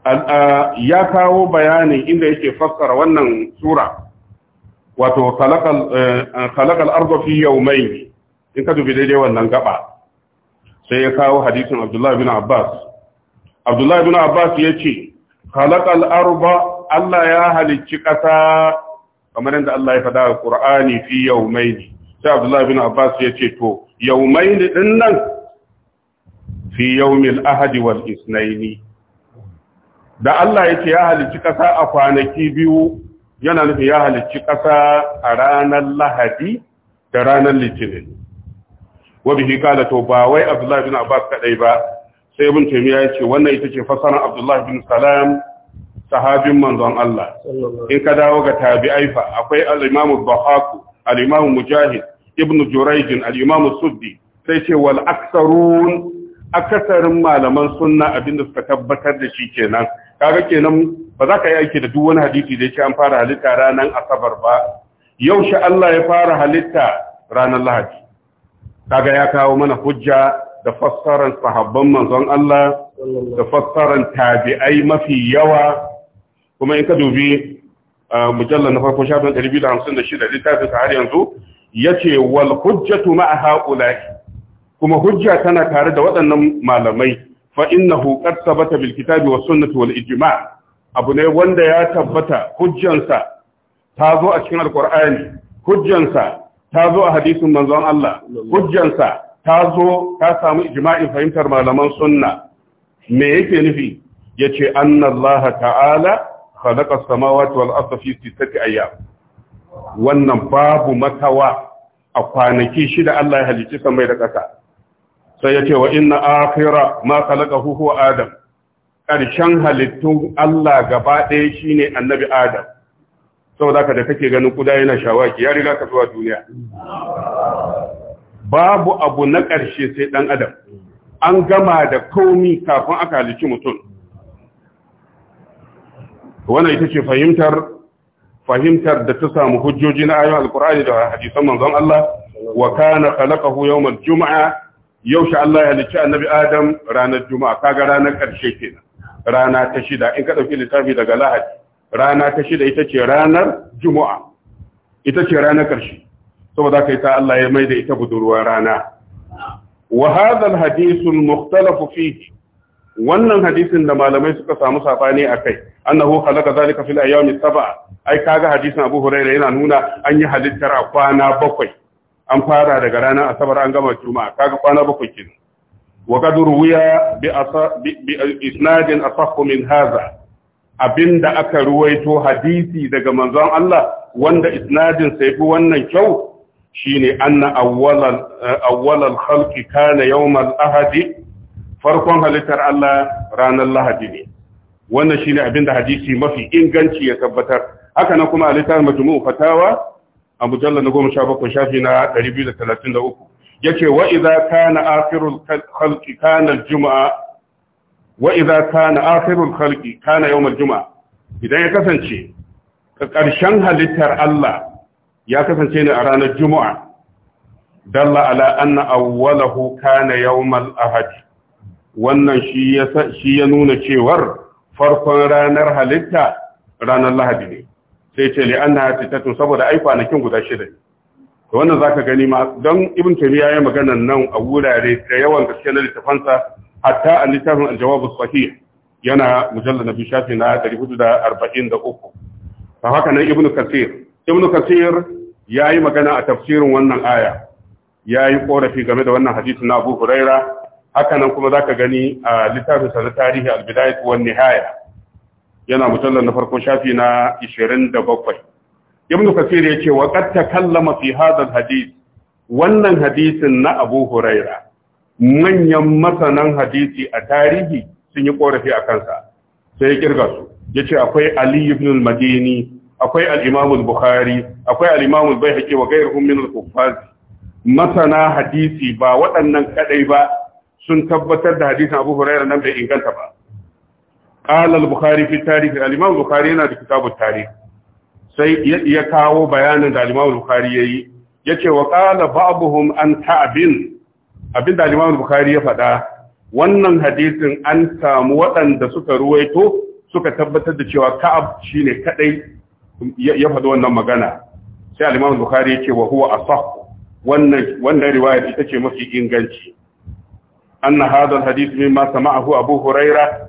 uh, ya kawo bayanin inda yake fassara wannan sura wato uh, khalaqal arda fi yawmayn in ka dubi daidai wannan gaba sai ya kawo hadisin Abdullah ibn Abbas Abdullah ibn Abbas yace khalaqal arda Allah ya halicci ƙasa kamar yadda Allah ya faɗa a Qur'ani fi yawmaini sai Abdullah bin Abbas ya ce to yawmaini din nan fi yawmil ahadi wal isnaini da Allah yake ya halicci ƙasa a kwanaki biyu yana nufin ya halicci ƙasa a ranar Lahadi da ranar Litinin wabihi kala to ba wai Abdullah bin Abbas kadai ba sai ibn Taymiyyah ya ce wannan ita ce fasaran Abdullah bin Salam sahabin manzon Allah in ka dawo ga tabi'ai fa akwai al-Imam Bahaku al-Imam Mujahid Ibn Jurayj al-Imam Suddi sai ce wal aktharun akasarin malaman sunna abinda suka tabbatar da shi kenan kaga kenan ba za ka yi aiki da duk wani hadisi da yake an fara halitta ranar asabar ba yau shi Allah ya fara halitta ranar lahadi kaga ya kawo mana hujja da fassaran sahabban manzon Allah da fassaran tabi'ai mafi yawa kuma in ka dubi mujallar na farko shafin 256 littafin har yanzu ya ce wal hujjatu ma'a haƙula'i kuma hujja tana tare da waɗannan malamai fa innahu qad sabata bil kitabi wa sunnati wal ijma' abu ne wanda ya tabbata hujjansa ta zo a cikin alqur'ani hujjansa ta zo a hadisin manzon Allah hujjansa ta zo ta samu ijma'in fahimtar malaman sunna me yake nufi yace anna ta'ala khalaqa samawati wal arda fi sittati ayyam wannan babu matawa a kwanaki shida Allah ya halicci samai da ƙasa sai ya ce wa inna akhira ma khalaqahu huwa adam Karshen halittun Allah gaba ɗaya shine annabi adam saboda ka da kake ganin kuda yana shawaki ya riga ka zuwa duniya babu abu na ƙarshe sai dan adam an gama da komi kafin aka halici mutum wannan ita ce fahimtar fahimtar da ta samu hujjoji na ayoyin alkur'ani da hadisan manzon Allah wa kana khalaqahu yawmal jumu'a yaushe Allah ya halicci annabi Adam ranar juma'a kaga ranar karshe kenan rana ta shida in ka dauki littafi daga Lahadi rana ta shida ita ce ranar juma'a ita ce ranar karshe saboda kai ta Allah ya maida ita budurwar rana wa hadha alhadith almukhtalaf fihi wannan hadisin da malamai suka samu sabani akai annahu khalaqa zalika fil ayami sab'a ai kaga hadisin Abu huraira yana nuna an yi halittar a kwana bakwai an fara daga ranar asabar an gama juma'a kaga kwana bakwai kenan wa qad ruwiya bi isnadin asahhu min hadha abinda aka ruwaito hadisi daga manzon Allah wanda isnadin sai bi wannan kyau shine anna awwalal awwalal khalqi kana yawmal ahadi farkon halittar Allah ranar lahadi ne wannan shine abin da hadisi mafi inganci ya tabbatar haka nan kuma a littafin majmu'u fatawa a mujalla na goma sha bakwai shafi na ɗari biyu da talatin da uku ya ce wa iza kana akhirul khalqi kana al-jumu'a wa iza kana akhirul khalqi kana yawm al idan ya kasance ƙarshen halittar Allah ya kasance ne a ranar Juma'a, dalla ala anna awwalahu kana yawmal ahad wannan shi ya nuna cewar farkon ranar halitta ranar lahadi ne sai ce li anna sittatun saboda ai kwanakin guda shida ne to wannan zaka gani ma don ibn tabiya ya magana nan a wurare da yawan gaske na littafansa hatta a littafin al-jawab sahih yana mujallad nabi shafi na 443 fa haka nan ibn kasir ibn kasir yayi magana a tafsirin wannan aya yayi korafi game da wannan hadisin na Abu Huraira haka nan kuma ka gani a littafin sa na tarihi al-bidayah wa nihaya yana na farkon shafi na 27 ibn kasir yace wa qad takallama fi hadha al wannan hadisin na abu huraira manyan masanan hadisi a tarihi sun yi korafi a kansa sai ya kirga su yace akwai ali ibn al-madini akwai al-imam al-bukhari akwai al-imam al-baihaqi wa ghayruhum min al-kuffaz masana hadisi ba waɗannan kadai ba sun tabbatar da hadisin Abu Hurairah nan bai inganta ba qala al-Bukhari fi tarikh al-Imam Bukhari yana da kitabun tarikh sai ya kawo bayanin da imam Bukhari yayi yace wa qala ba'dhum an ta'bin abin da imam Bukhari ya faɗa wannan hadisin an samu waɗanda suka ruwaito suka tabbatar da cewa Ka'ab shine kadai ya faɗi wannan magana sai al-Imam Bukhari yake wa huwa asah wannan wannan riwaya ita ce mafi inganci anna hadha alhadith mimma sama'ahu abu huraira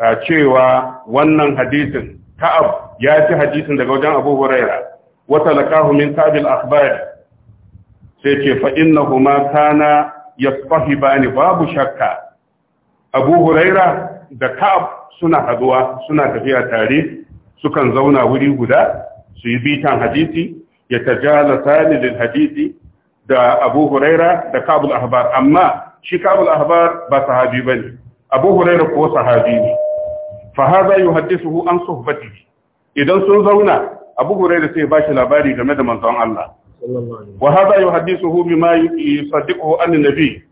uh, cewa wannan hadisin ka'ab ya ci hadisin daga wajen abu huraira wa talaqahu min ka'ab al-akhbar sai ce fa innahuma kana yasfahibani babu shakka abu huraira da ka'ab suna haduwa suna tafiya tare sukan zauna wuri guda su yi bitan hadisi ya tajalasa lil hadisi da Abu Huraira da Kabul Ahbar amma shi Kabul Ahbar ba sahabi bane Abu Huraira ko sahabi ne fa hadha hu an sohbati idan sun zauna Abu Huraira sai ba shi labari game da manzon Allah wa hadha yuhaddithuhu bima yusaddiquhu an-nabi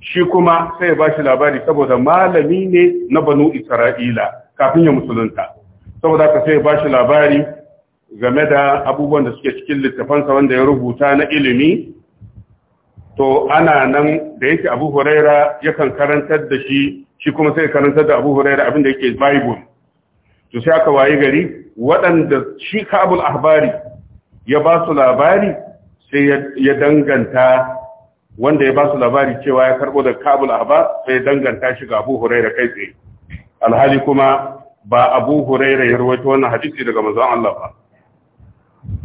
shi kuma sai ba shi labari saboda malami ne na banu isra'ila kafin ya musulunta saboda ka sai ba shi labari game da abubuwan da suke cikin littafansa wanda ya rubuta na ilimi to ana nan da yake abu huraira yakan karantar da shi shi kuma sai karantar da abu huraira abin da yake bible to sai aka waye gari waɗanda shi kabul ahbari ya ba su labari sai ya danganta wanda ya ba su labari cewa ya karɓo da kabul ahbar sai ya danganta shi ga abu huraira kai tsaye alhali kuma ba abu huraira ya rawaito wannan hadisi daga manzon Allah ba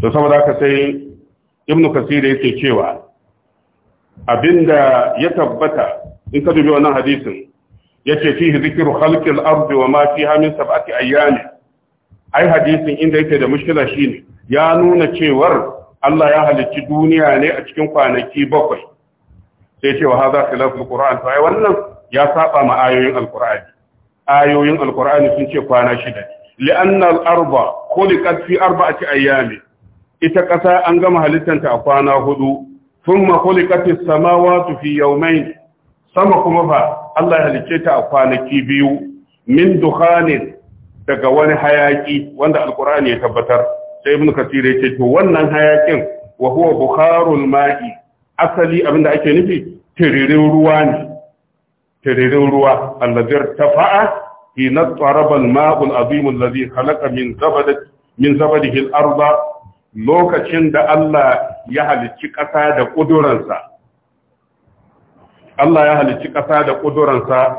to saboda haka sai ibnu kasir yake cewa abinda ya tabbata in ka dubi wannan hadisin ce fihi zikru khalqil ardi wa ma fiha min sab'ati ayyam ai hadisin inda yake da mushkila shine ya nuna cewar Allah ya halicci duniya ne a cikin kwanaki bakwai sai ce wa hadha khilaful qur'an to ai wannan ya saba ma ayoyin alqur'ani ayoyin alqur'ani sun ce kwana shida li'anna al-arba khuliqat fi arba'ati ayyami ita kasa an gama halittanta a kwana hudu thumma khuliqatis samawati fi yawmayn sama kuma fa Allah ya halice ta a kwanaki biyu min dukhanin daga wani hayaki wanda alqur'ani ya tabbatar sai ibn kasir ya ce to wannan hayakin wa huwa bukharul ma'i asali abinda ake nufi tiririn ruwa ne tiririn ruwa allazir tafa'a fi natarabal ma'ul azim allazi khalaqa min zabad min zabadihi al-ardh lokacin da Allah ya halicci ƙasa da ƙuduransa Allah ya halicci ƙasa da ƙuduransa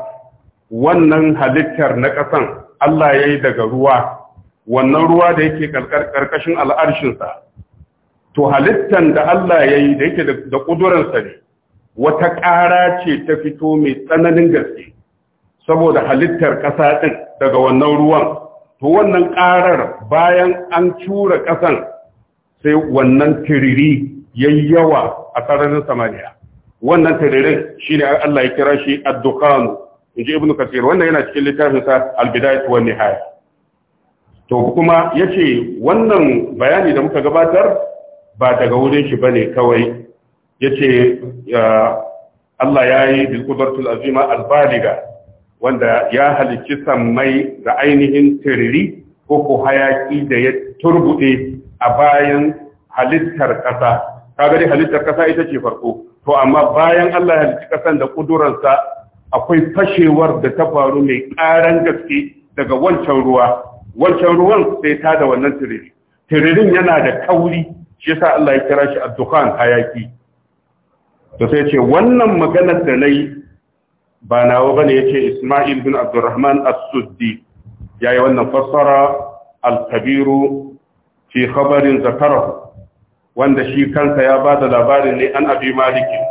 wannan halittar na ƙasan Allah ya yi daga ruwa wannan ruwa da yake ƙarƙashin al'arshinsa to halittar da Allah ya yi da yake da ƙuduransa ne wata ƙara ce ta fito mai tsananin gaske saboda halittar ƙasa ɗin daga wannan ruwan to wannan ƙarar bayan an cura ƙasan sai wannan tiriri yawa a sararin samaniya wannan tiririn shine Allah ya kira shi addukanu in inji ibnu kasir wannan yana cikin littafinsa sa al-bidayah nihaya to kuma yace wannan bayani da muka gabatar ba daga wurin shi ba ne kawai yace Allah ya yi bil azima al wanda ya halicci sammai da ainihin tiriri ko ko hayaki da ya turbuɗe. a bayan halittar ƙasa Ka gari halittar ƙasa ita ce farko to amma bayan Allah ya halicci ƙasan da ƙudurarsa akwai fashewar da ta faru mai ƙaran gaske daga wancan ruwa wancan ruwan sai ta da wannan tiriri tiririn yana da kauri shi yasa Allah ya kira shi a dukhan hayaki to sai ce wannan maganar da nayi ba nawa bane yace Isma'il bin Abdurrahman As-Suddi yayi wannan fassara al fi khabarin zakarahu wanda shi kansa ya ba da labarin ne an abi malikin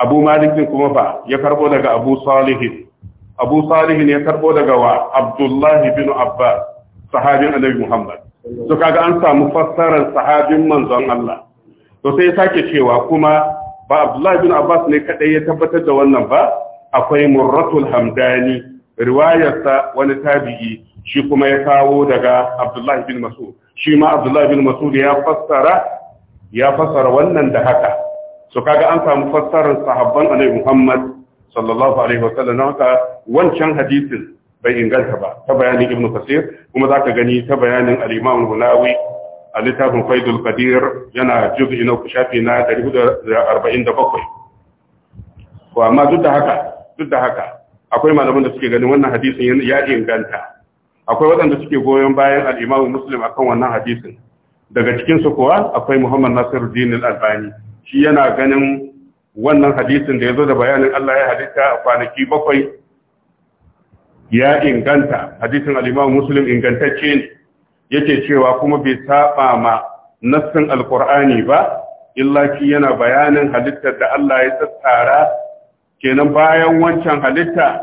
abu malikin kuma ba ya karbo daga abu salihin abu salihin ya karbo daga wa abdullahi bin abbas sahabin annabi muhammad to kaga an samu fassarar sahabin manzon Allah to sai sake cewa kuma ba abdullahi bin abbas ne kadai ya tabbatar da wannan ba akwai murratul hamdani riwayarsa wani tabi'i shi kuma ya kawo daga Abdullahi bin Mas'ud shi ma Abdullahi bin Mas'ud ya fassara ya fassara wannan da haka so kaga an samu fassarar sahabban Annabi Muhammad sallallahu alaihi wasallam haka wancan hadisin bai inganta ba ta bayanin Ibn Kasir kuma zaka gani ta bayanin al-Imam Hunawi a littafin faidul qadir yana juz'i na shafi na 447 ko amma duk da haka duk da haka akwai malaman da suke ganin wannan hadisin ya inganta akwai waɗanda suke goyon bayan al'imamu muslim akan wannan hadisin daga cikinsu kuwa akwai muhammad nasiruddin al-albani shi yana ganin wannan hadisin da ya zo da bayanin allah ya halitta a kwanaki bakwai ya inganta hadisin al'imamu muslim ingantacce ne yake cewa kuma bai saba ma nassin alkur'ani ba illa shi yana bayanin halittar da allah ya tsatsara kenan bayan wancan halitta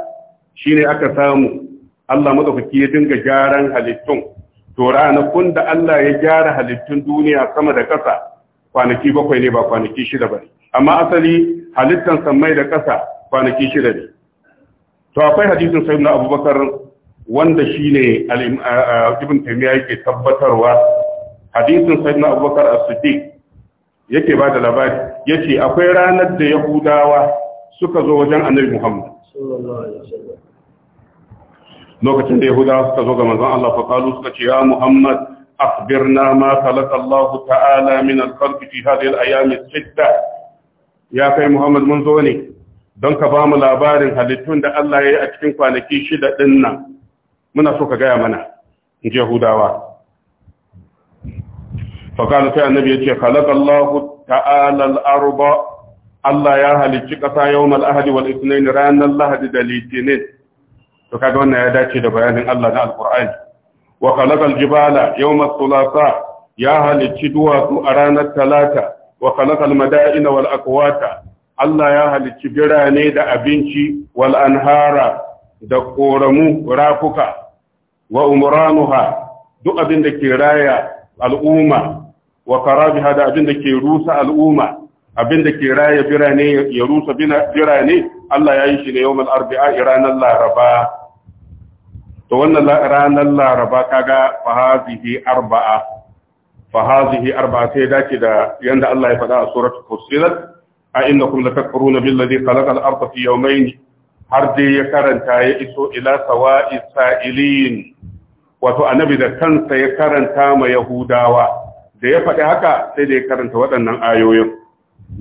shine aka samu Allah madaukaki ya dinga gyaran halittun to kun da Allah ya gyara halittun duniya sama da ƙasa kwanaki bakwai ne ba kwanaki shida ba amma asali halittan samai da ƙasa kwanaki shida ne to akwai hadisin na abubakar wanda shine ibn taymiya yake tabbatarwa hadisin na abubakar as-siddiq yake ba da labari yace akwai ranar da yahudawa suka zo wajen annabi muhammad lokacin da yahudawa suka zo ga manzon Allah fa qalu suka ce ya muhammad akhbirna ma khalaqa Allah ta'ala min al-khalq fi hadhihi al-ayyam as-sitta ya kai muhammad mun zo ne don ka bamu labarin halittun da Allah ya yi a cikin kwanaki shida din nan muna so ka gaya mana in ji yahudawa fa qalu sai annabi ce khalaqa Allah ta'ala al-arba Allah ya halicci ƙasa yawmal ahadi wal ithnain ranar lahadi da litinin to kaga wannan ya dace da bayanin Allah na alqur'ani wa khalaqal jibala yawma thulatha ya halicci duwatsu a ranar talata wa khalaqal mada'ina wal aqwata Allah ya halicci birane da abinci wal anhara da koramu rafuka wa umranuha duk abin da ke raya al'umma wa karabiha da abin da ke rusa al'umma abin da ke raya birane ya rusa birane Allah ya yi shi ne yawmal arbi'a ranar laraba to wannan ranar laraba kaga fahazihi arba'a fahazihi arba'a sai dace da yanda Allah ya faɗa a suratul fussilat a innakum latakfuruna billazi khalaqal arda fi yawmayn har dai ya karanta ya iso ila sawa'i sa'ilin wato annabi da kansa ya karanta ma yahudawa da ya faɗi haka sai da ya karanta waɗannan ayoyin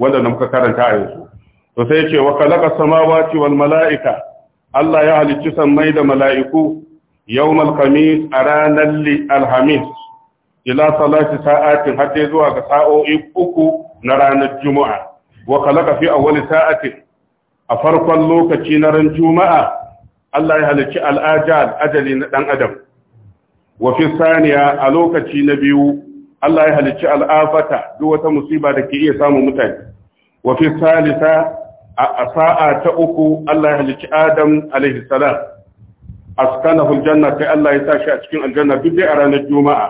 waɗanda muka karanta a yanzu to sai ya ce wa khalaqa samawati wal mala'ika Allah ya halicci sammai da mala'iku Yau khamis a ranar alhamis ila salati sa'atin har dai zuwa ga sa'o'i uku na ranar juma'a wa khalaqa fi awwali sa'atin a farkon lokaci na ran juma'a Allah ya halicci al'ajal ajali na ɗan adam wa fi saniya a lokaci na biyu Allah ya halicci al'afata duk wata musiba da ke iya samun mutane wa fi salisa a sa'a ta uku Allah ya halicci Adam alaihi salam askanahu janna sai Allah ya sa shi a cikin aljanna duk dai a ranar juma'a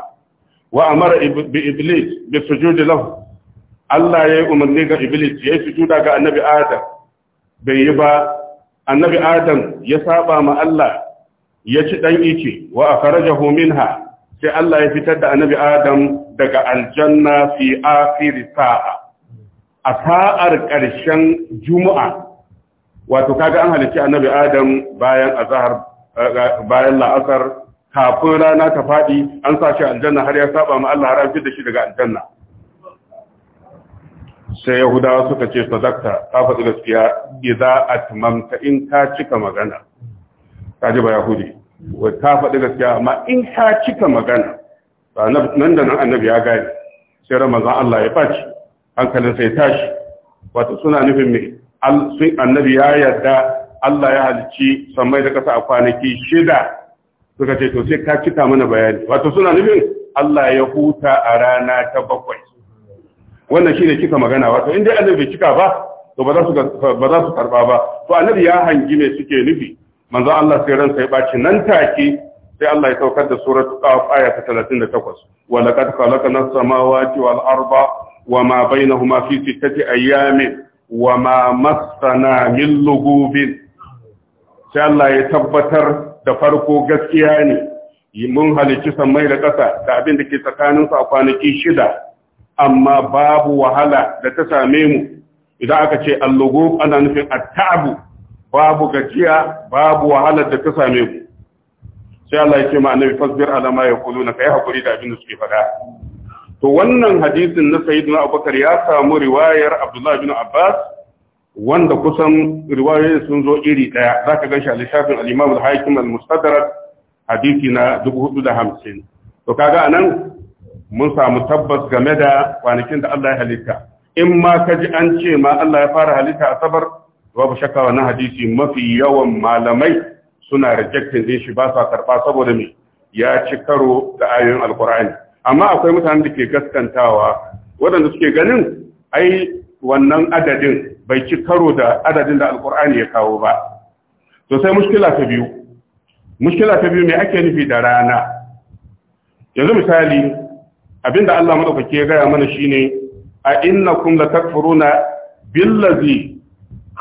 wa amara bi iblis bi sujudi lahu Allah ya yi umarni ga iblis ya yi sujuda ga annabi adam bai yi ba annabi adam ya saba ma Allah ya ci dan ice wa akhrajahu minha sai Allah ya fitar da annabi Adam daga aljanna fi akhir sa'a a sa'ar ƙarshen juma'a wato kaga an halicci annabi Adam bayan azhar bayan la'asar kafin rana ta faɗi an sa shi aljanna har ya saba ma Allah har an fitar da shi daga aljanna sai yahudawa suka ce sadakta ta faɗi gaskiya idza atmamta in ka cika magana Ta ji ba yahudi ta faɗi gaskiya amma in ka cika magana nan da nan annabi ya gani, sai ramazan Allah ya faci hankalin sai tashi wato suna nufin me annabi ya yarda Allah ya halicci samai da ƙasa a kwanaki shida suka ce to sai ka cika mana bayani wato suna nufin Allah ya huta a rana ta bakwai wannan shine kika magana wato in dai annabi cika ba to ba za su ba za su karba ba to annabi ya hangi me suke nufi manzo Allah sai ran sai baci nan take sai Allah ya saukar da suratul qaf aya ta 38 wa laqad khalaqna as-samawati wal arda wama bainahuma fi sittati ayamin wama massana min lugubin sai Allah ya tabbatar da farko gaskiya ne mun halicci sammai da ƙasa da abin da ke tsakaninsu a kwanaki shida amma babu wahala da ta same mu idan aka ce allugo ana nufin attabu babu gajiya babu wahala da ta same mu sai Allah ya ce ma annabi fasbir ala ma yaquluna kai hakuri da abin da suke faɗa to wannan hadisin na sayyidina Abubakar ya samu riwayar Abdullahi bin Abbas wanda kusan riwayoyin sun zo iri daya zaka ganshi a littafin al-Imam al-Hakim al-Mustadrak hadisi na 450 to kaga anan mun samu tabbas game da kwanakin da Allah ya halitta in ma ka ji an ce ma Allah ya fara halitta a sabar babu shakka wannan hadisi mafi yawan malamai suna rejecting din shi ba sa karba saboda me ya ci karo da ayoyin alkur'ani amma akwai mutanen da ke gaskantawa waɗanda suke ganin ai wannan adadin bai ci karo da adadin da alkur'ani ya kawo ba to sai mushkila ta biyu mushkila ta biyu me ake nufi da rana yanzu misali abinda Allah madaukake ya gaya mana shine a inna innakum latakfuruna billazi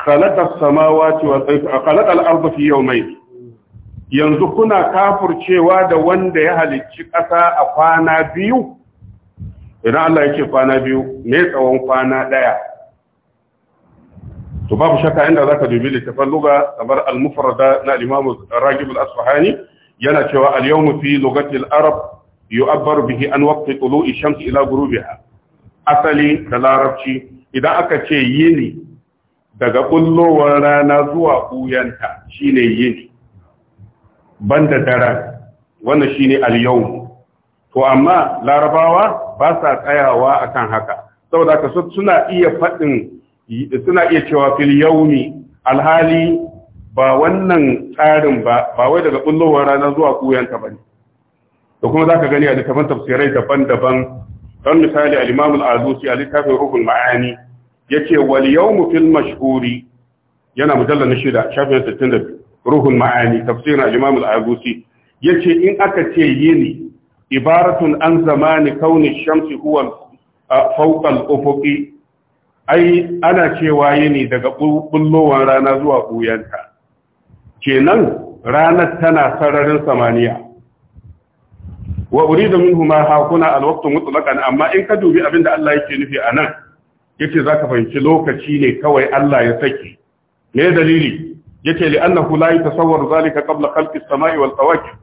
khalaqa as-samawati wal eh, khalaqa al-ardha fi yawmayn yanzu kuna kafurcewa da wanda ya halicci ƙasa a kwana biyu idan Allah yake kwana biyu me tsawon kwana ɗaya. to babu shakka inda zaka dubi littafan luga kamar al-mufrada na al-imam Ragib al-Asfahani yana cewa al-yawm fi lugati al-arab yu'abbar bihi an waqti tulu'i shams ila ghurubiha asali da larabci idan aka ce yini daga kullowar rana zuwa buyanta shine yini banda daren wannan shine al-yawm to amma larabawa ba sa tsayawa akan haka saboda suna iya faɗin suna iya cewa fil yaumi alhali ba wannan tsarin ba ba wai daga bullowar rana zuwa kuyanta bane da kuma zaka gani a littafin tafsirai daban-daban don misali al-Imam al-Azusi a littafin rubul Ma'ani yace wal yawmu fil mashhuri yana mujallal na shida shafin 62 ruhun Ma'ani tafsirin al-Imam al-Azusi yace in aka ce yini ibaratun an zamani kauni shamsi huwa fawqa al-ufuqi ai ana cewa yini daga bullowar rana zuwa ɓuyanta kenan ranar tana sararin samaniya wa uridu minhu ma hakuna alwaqtu mutlaqan amma in ka dubi abinda Allah yake nufi anan yace zaka fahimci lokaci ne kawai Allah ya saki me dalili yace li annahu la yatasawwaru zalika qabla khalqi as-sama'i wal kawakib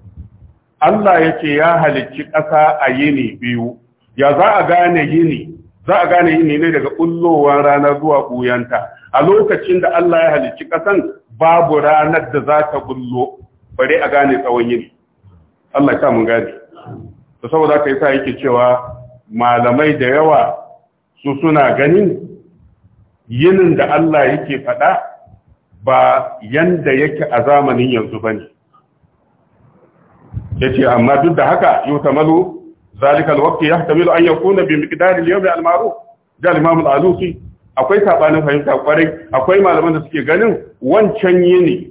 Allah yace ya halicci ƙasa a yini biyu ya za a gane yini za a gane yini ne daga bullowar ranar zuwa ɓuyanta a lokacin da Allah ya halicci ƙasan, babu ranar da za ta ɓullo bare a gane tsawon yini Allah ya mun gane Da saboda yi sa yake cewa malamai da yawa su suna ganin yinin da Allah yake faɗa ba yanda yake a zamanin yanzu ba bane yace amma duk da haka malu. ذلك الوقت يحتمل أن يكون بمقدار اليوم المعروف جاء الإمام العلوسي akwai sabanin fahimta kwarai akwai malaman da suke ganin wancan yini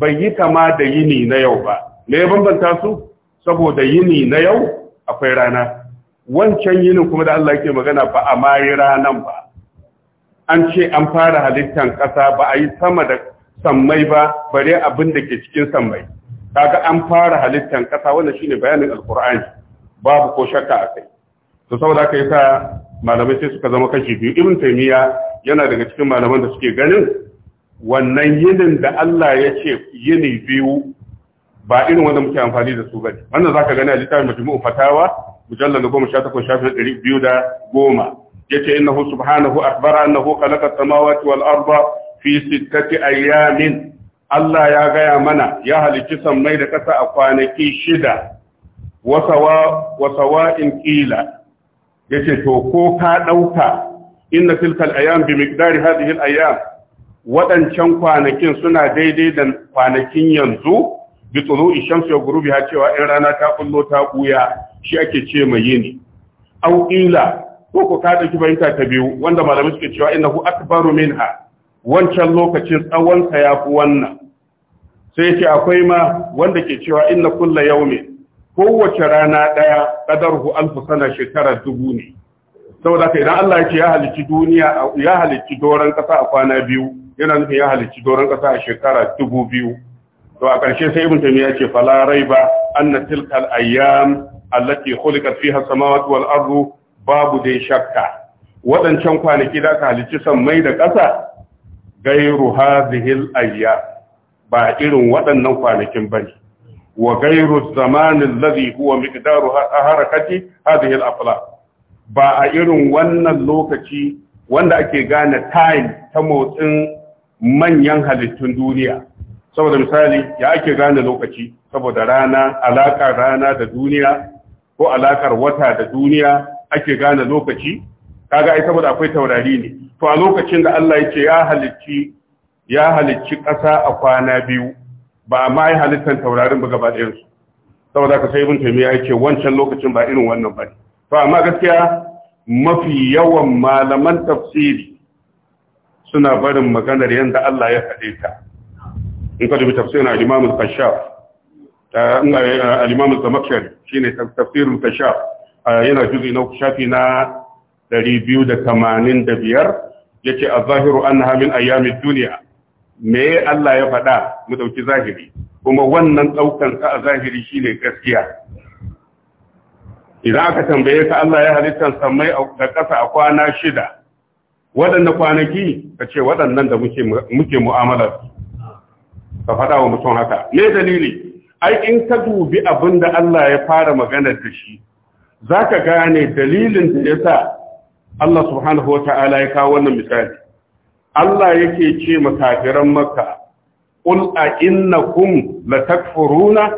bai yi kama da yini na yau ba me ya bambanta su saboda yini na yau akwai rana wancan yinin kuma da Allah yake magana ba a mayi ranan ba an ce an fara halittan ƙasa ba a yi sama da sammai ba bari abinda ke cikin sammai kaga an fara halittan ƙasa wannan shine bayanin alkur'ani babu ko shakka a kai to saboda haka yasa malamai sai suka zama kashi biyu ibn taymiya yana daga cikin malaman da suke ganin wannan yinin da Allah ya ce yini biyu ba irin wanda muke amfani da su ne. wannan zaka gani a littafin majmu'u fatawa mujallal 18 shafin 210 yace innahu subhanahu akhbara annahu khalaqa samawati wal arda fi sittati ayamin Allah ya gaya mana ya halicci sammai da kasa a kwanaki shida wa ƙila, ya yace to ko ka dauka inna tilkal ayyam bi miqdari hadhihi al ayyam wadancan kwanakin suna daidai da kwanakin yanzu bi tulu'i ya gurubi ghurubiha cewa in rana ta kullo ta buya shi ake ce mai yini au ko ko ka dauki fahimta ta biyu wanda malamai suke cewa innahu akbaru minha wancan lokacin tsawon sa yafi wannan sai yace akwai ma wanda ke cewa inna kulla yawmin kowace rana ɗaya ƙadarhu alfu sana shekara dubu ne saboda ka idan Allah yake ce ya halicci duniya ya halicci doron ƙasa a kwana biyu yana nufin ya halicci doron ƙasa a shekara dubu biyu to a ƙarshe sai ibn tamiya ya ce rai ba, anna tilkal ayyam allati khuliqat fiha samawati wal ardu babu dai shakka waɗancan kwanaki da ka halicci sammai da ƙasa gairu hadhihi al ayya ba irin waɗannan kwanakin bane وغير الزمان الذي هو مقدار حركتي هذه الافلا ba a irin wannan lokaci wanda ake gane time ta motsin manyan halittun duniya saboda misali ya ake gane lokaci saboda rana alaƙar rana da duniya ko alaƙar wata da duniya ake gane lokaci kaga ai saboda akwai taurari ne to a lokacin da Allah yake ya halicci ya halicci ƙasa a kwana biyu ba a ma yi halittar taurarin ba gaba su. saboda ka sai ibn taymiya yake wancan lokacin ba irin wannan ba to amma gaskiya mafi yawan malaman tafsiri suna barin maganar yanda Allah ya faɗe ta in ka dubi tafsirin al-Imam al-Kashaf eh, al-Imam al-Zamakhshari shine tafsirin kashaf yana juzu na shafi na 285 yace a zahiru annaha min ayyamid duniya. me Allah ya faɗa mu ɗauki zahiri kuma wannan ɗaukan ka a zahiri shine gaskiya idan aka tambaye ka Allah ya halittar samai da ƙasa a kwana shida waɗanne kwanaki ka ce waɗannan da muke mu'amalar ka faɗa wa mutum haka me dalili ai in ka dubi abin da Allah ya fara magana da shi zaka gane dalilin da ya Allah subhanahu wa ta'ala ya kawo wannan misali Allah yake ce makafiran makka qul a innakum latakfuruna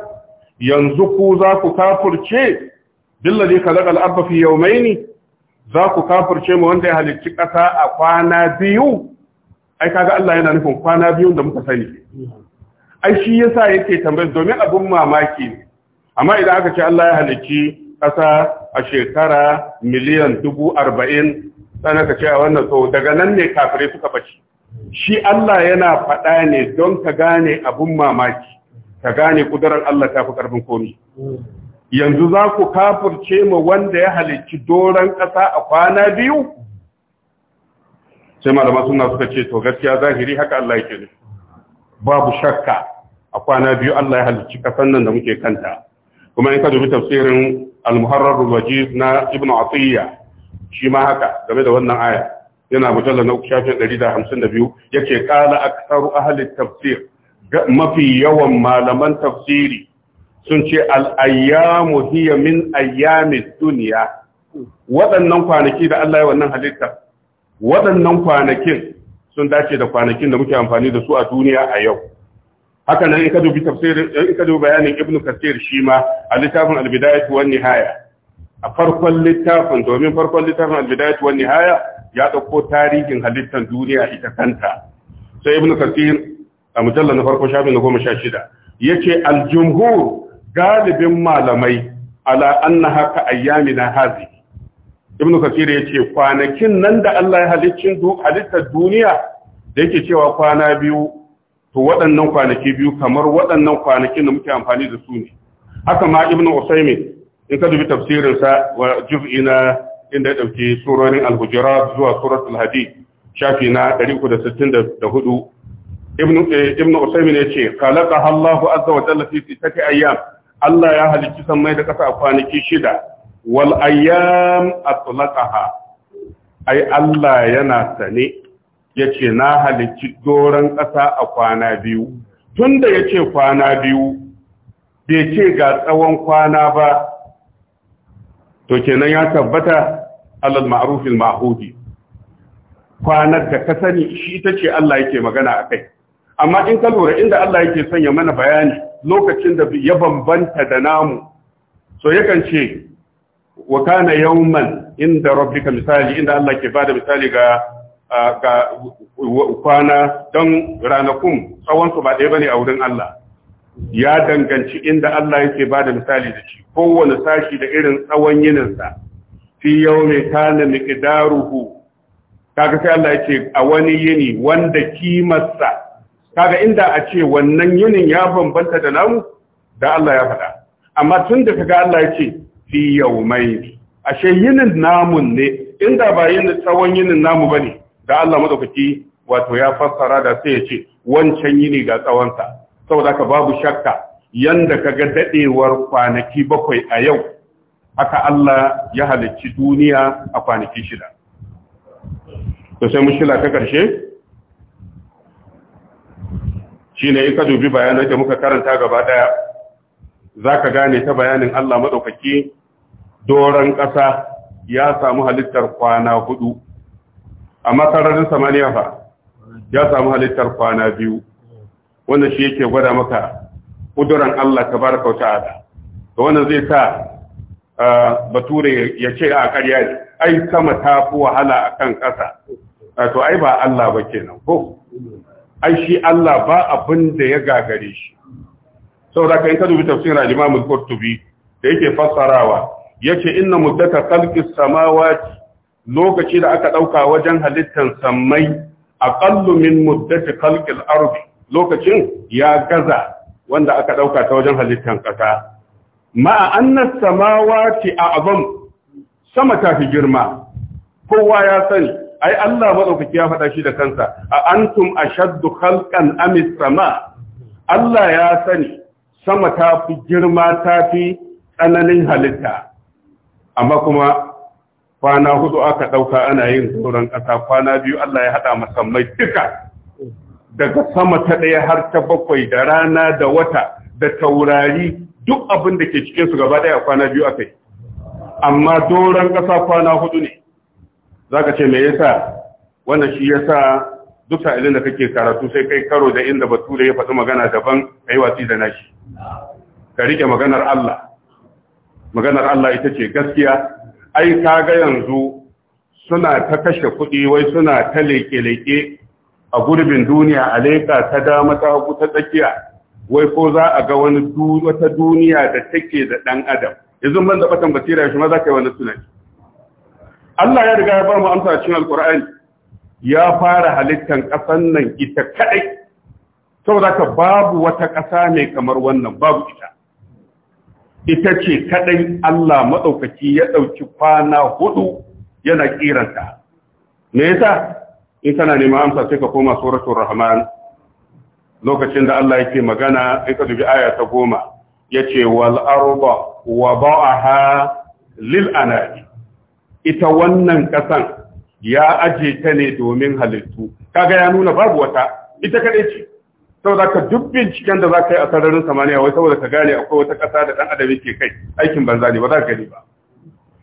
yanzu ku za ku kafirce billazi ka al-ardha fi yawmayn za ku kafirce mu wanda ya halicci ƙasa a kwana biyu ai kaga Allah yana nufin kwana biyu da muka sani ai shi yasa yake tambayi domin abin mamaki amma idan aka ce Allah ya halicci ƙasa a shekara miliyan dubu arba'in sai ka ce a wannan so daga nan ne kafirai suka bace shi Allah yana faɗa ne don ka gane abun mamaki ka gane kudurar Allah ta fi ƙarfin komi yanzu za ku kafurce ma wanda ya halicci doron ƙasa a kwana biyu sai malama suna suka ce to gaskiya zahiri haka Allah yake ne babu shakka a kwana biyu Allah ya halicci ƙasan nan da muke kanta kuma in ka dubi tafsirin al-muharrar wajiz na ibnu atiyya shi ma haka game da wannan aya yana mujalla na shafin 152 yake kala aksaru ahli tafsir mafi yawan malaman tafsiri sun ce al-ayyamu hiya min ayyamid dunya waɗannan kwanaki da Allah ya wannan halitta waɗannan kwanakin sun dace da kwanakin da muke amfani da su a duniya a yau haka nan in ka dubi tafsirin in ka dubi bayanin ibnu kasir shi ma a littafin al-bidayah wa nihaya a farkon littafin domin farkon littafin albidayat wani haya ya dauko tarihin halittar duniya ita kanta sai Ibn kasir a mujallar na farko shafin na goma sha shida yace aljumhur galibin malamai ala haka ayyami ayyamina hazi ibnu kasir ce kwanakin nan da Allah ya halicin halittar duniya da yake cewa kwana biyu to waɗannan kwanaki biyu kamar waɗannan kwanakin da muke amfani da su ne haka ma ibnu usaimin in ka dubi tafsirinsa wa inda ya ɗauki surorin al-hujurat zuwa suratul hadid shafi na 364 ibnu ibnu usaymin yace khalaqa Allahu azza wa jalla fi sittati ayyam Allah ya halicci san mai da kasa a kwanaki shida wal ayyam atlaqaha ai Allah yana sane yace na halicci doran ƙasa a kwana biyu tunda yace kwana biyu bai ce ga tsawon kwana ba to kenan ya tabbata alal ma'rufil ma'hudi kwanar da ka sani shi ita ce Allah yake magana a kai amma in ka lura inda Allah yake sanya mana bayani lokacin da ya bambanta da namu so yakan ce wa kana yawman inda rabbika misali inda Allah ke bada misali ga ga kwana don ranakun tsawon su ba ɗaya bane a wurin Allah ya danganci inda Allah yake ba da misali da shi kowane sashi da irin tsawon yininsa fi yau mai kana miƙidaruhu kaga sai Allah yake a wani yini wanda kimarsa kaga inda a ce wannan yinin ya bambanta da namu da Allah ya faɗa amma tun da kaga Allah yake fi yau mai ashe yinin namun ne inda ba yin tsawon yinin namu bane da Allah madaukaki wato ya fassara da sai ya ce wancan yini ga tsawonsa saboda ka babu shakka yanda ga daɗewar kwanaki bakwai a yau haka Allah ya halicci duniya a kwanaki shida to sai mushila ta karshe shine in ka dubi bayanan da muka karanta gaba daya zaka gane ta bayanin Allah madaukaki doran ƙasa ya samu halittar kwana hudu a masararin samaniya fa ya samu halittar kwana biyu wanda shi yake gwada maka ƙuduran Allah ta baraka wa ta'ala to wannan zai sa bature ya ce a ƙarya ne ai sama ta fi wahala a kan ƙasa to ai ba Allah ba kenan ko ai shi Allah ba abin da ya gagare shi saboda kai ka dubi tafsirin al-Imam al-Qurtubi da yake fassarawa yace inna muddata khalqis samawati lokaci da aka dauka wajen halittar sammai aqallu min muddati khalqil ardi lokacin ya gaza wanda aka ɗauka ta wajen halittar ƙasa ma'a annas samawati a abam sama ta fi girma kowa ya sani ai Allah madaukaki ya faɗa shi da kansa a antum ashaddu khalqan amis sama Allah ya sani sama ta fi girma ta fi tsananin halitta amma kuma kwana hudu aka ɗauka ana yin sauran ƙasa kwana biyu Allah ya haɗa masammai duka daga sama ta ɗaya har ta bakwai da rana da wata da taurari duk abin da ke cikin su gaba ɗaya kwana biyu a kai amma doron ƙasa kwana hudu ne Za ka ce me yasa wannan shi yasa duk sa'ilin da kake karatu sai kai karo da inda bature ya faɗi magana daban yi watsi da nashi ka rike maganar Allah maganar Allah ita ce gaskiya ai ga yanzu suna ta kashe kuɗi wai suna ta leke leƙe a gurbin duniya a leƙa ta dama ta hagu ta tsakiya wai ko za a ga wani wata duniya da take da ɗan adam yanzu ban da batan basira shi ma za ka yi wani tunani Allah ya riga ya bar mu amsa cikin alkur'ani ya fara halittar ƙasan nan ita kaɗai saboda ka babu wata ƙasa mai kamar wannan babu ita ita ce kaɗai Allah maɗaukaki ya ɗauki kwana hudu yana ƙiranta me yasa in kana nema amsa sai ka koma suratul rahman lokacin da Allah yake magana in ka dubi aya ta goma yace wal arda wada'aha lil anabi ita wannan kasan ya aje ta ne domin halittu kaga ya nuna babu wata ita kadai ce saboda ka duk binciken da zaka yi a sararin samaniya wai saboda ka gane akwai wata kasa da dan adam ke kai aikin banza ne ba za ka gani ba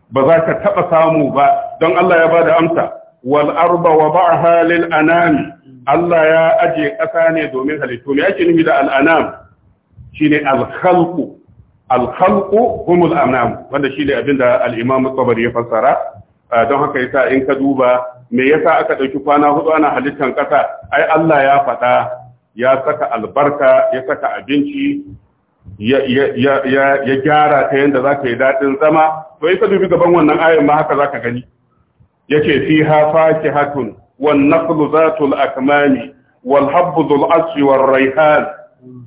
ba za ka taba samu ba don Allah ya bada amsa wal arba wa ba'ha halin anam Allah ya aje ƙasa ne domin halittu me ake nufi da al anam shine al khalqu humul anam wanda abinda al imam ya fassara ah, don haka yasa in ka duba me yasa aka ɗauki kwana hudu ana halittan ƙasa ai Allah ya faɗa ya saka albarka ya saka abinci ya gyara ta yadda za ka yi daɗin zama to yi ka dubi gaban wannan ayin ma haka za ka gani yace ki fakihatun wan naqlu zatul akmani wal habdhu al asri wal rayhan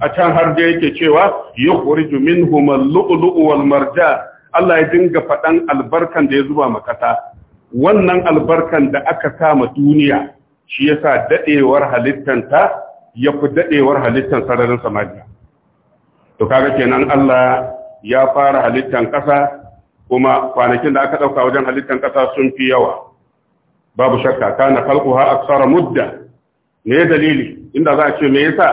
a can har da yake cewa yukhriju minhum al-lu'lu'u wal marja Allah ya dinga fadan albarkan da ya zuba makata wannan albarkan da aka kama duniya shi yasa dadewar halittanta fi dadewar halittan sararin samaniya to kaga kenan Allah ya fara halittan kasa kuma kwanakin da aka dauka wajen halittan kasa sun fi yawa babu shakka kana a aksara mudda me dalili inda za a ce me yasa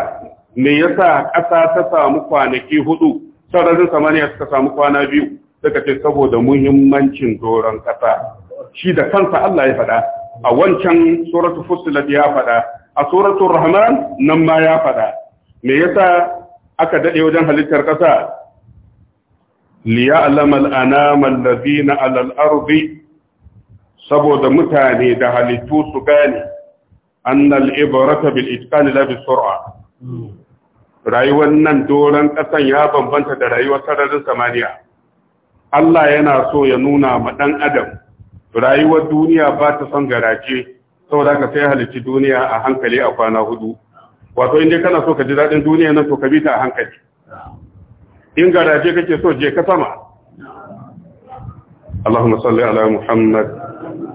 me yasa ƙasa ta samu kwanaki hudu sararin samaniya suka samu kwana biyu suka ce saboda muhimmancin doron ƙasa shi da kansa Allah ya faɗa a wancan suratul fussilat ya faɗa a suratul rahman nan ma ya faɗa me yasa aka dade wajen halittar ƙasa liya'lamal anama allazina alal ardi saboda mutane da halittu su gane annal ibarata bil itqani la bis sur'a rayuwar nan doron kasan ya bambanta da rayuwar sararin samaniya Allah yana so ya nuna ma dan adam rayuwar duniya ba ta son garaje saboda ka sai halitti duniya a hankali a kwana hudu wato inda kana so ka ji dadin duniya nan to ka bi ta a hankali in garaje kake so je ka sama Allahumma salli ala Muhammad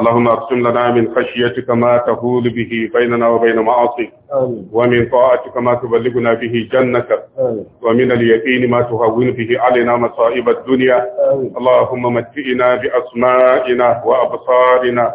اللهم اقسم لنا من خشيتك ما تهول به بيننا وبين معاصيك ومن طاعتك ما تبلغنا به جنتك ومن اليقين ما تهون به علينا مصائب الدنيا اللهم متئنا بأسمائنا وأبصارنا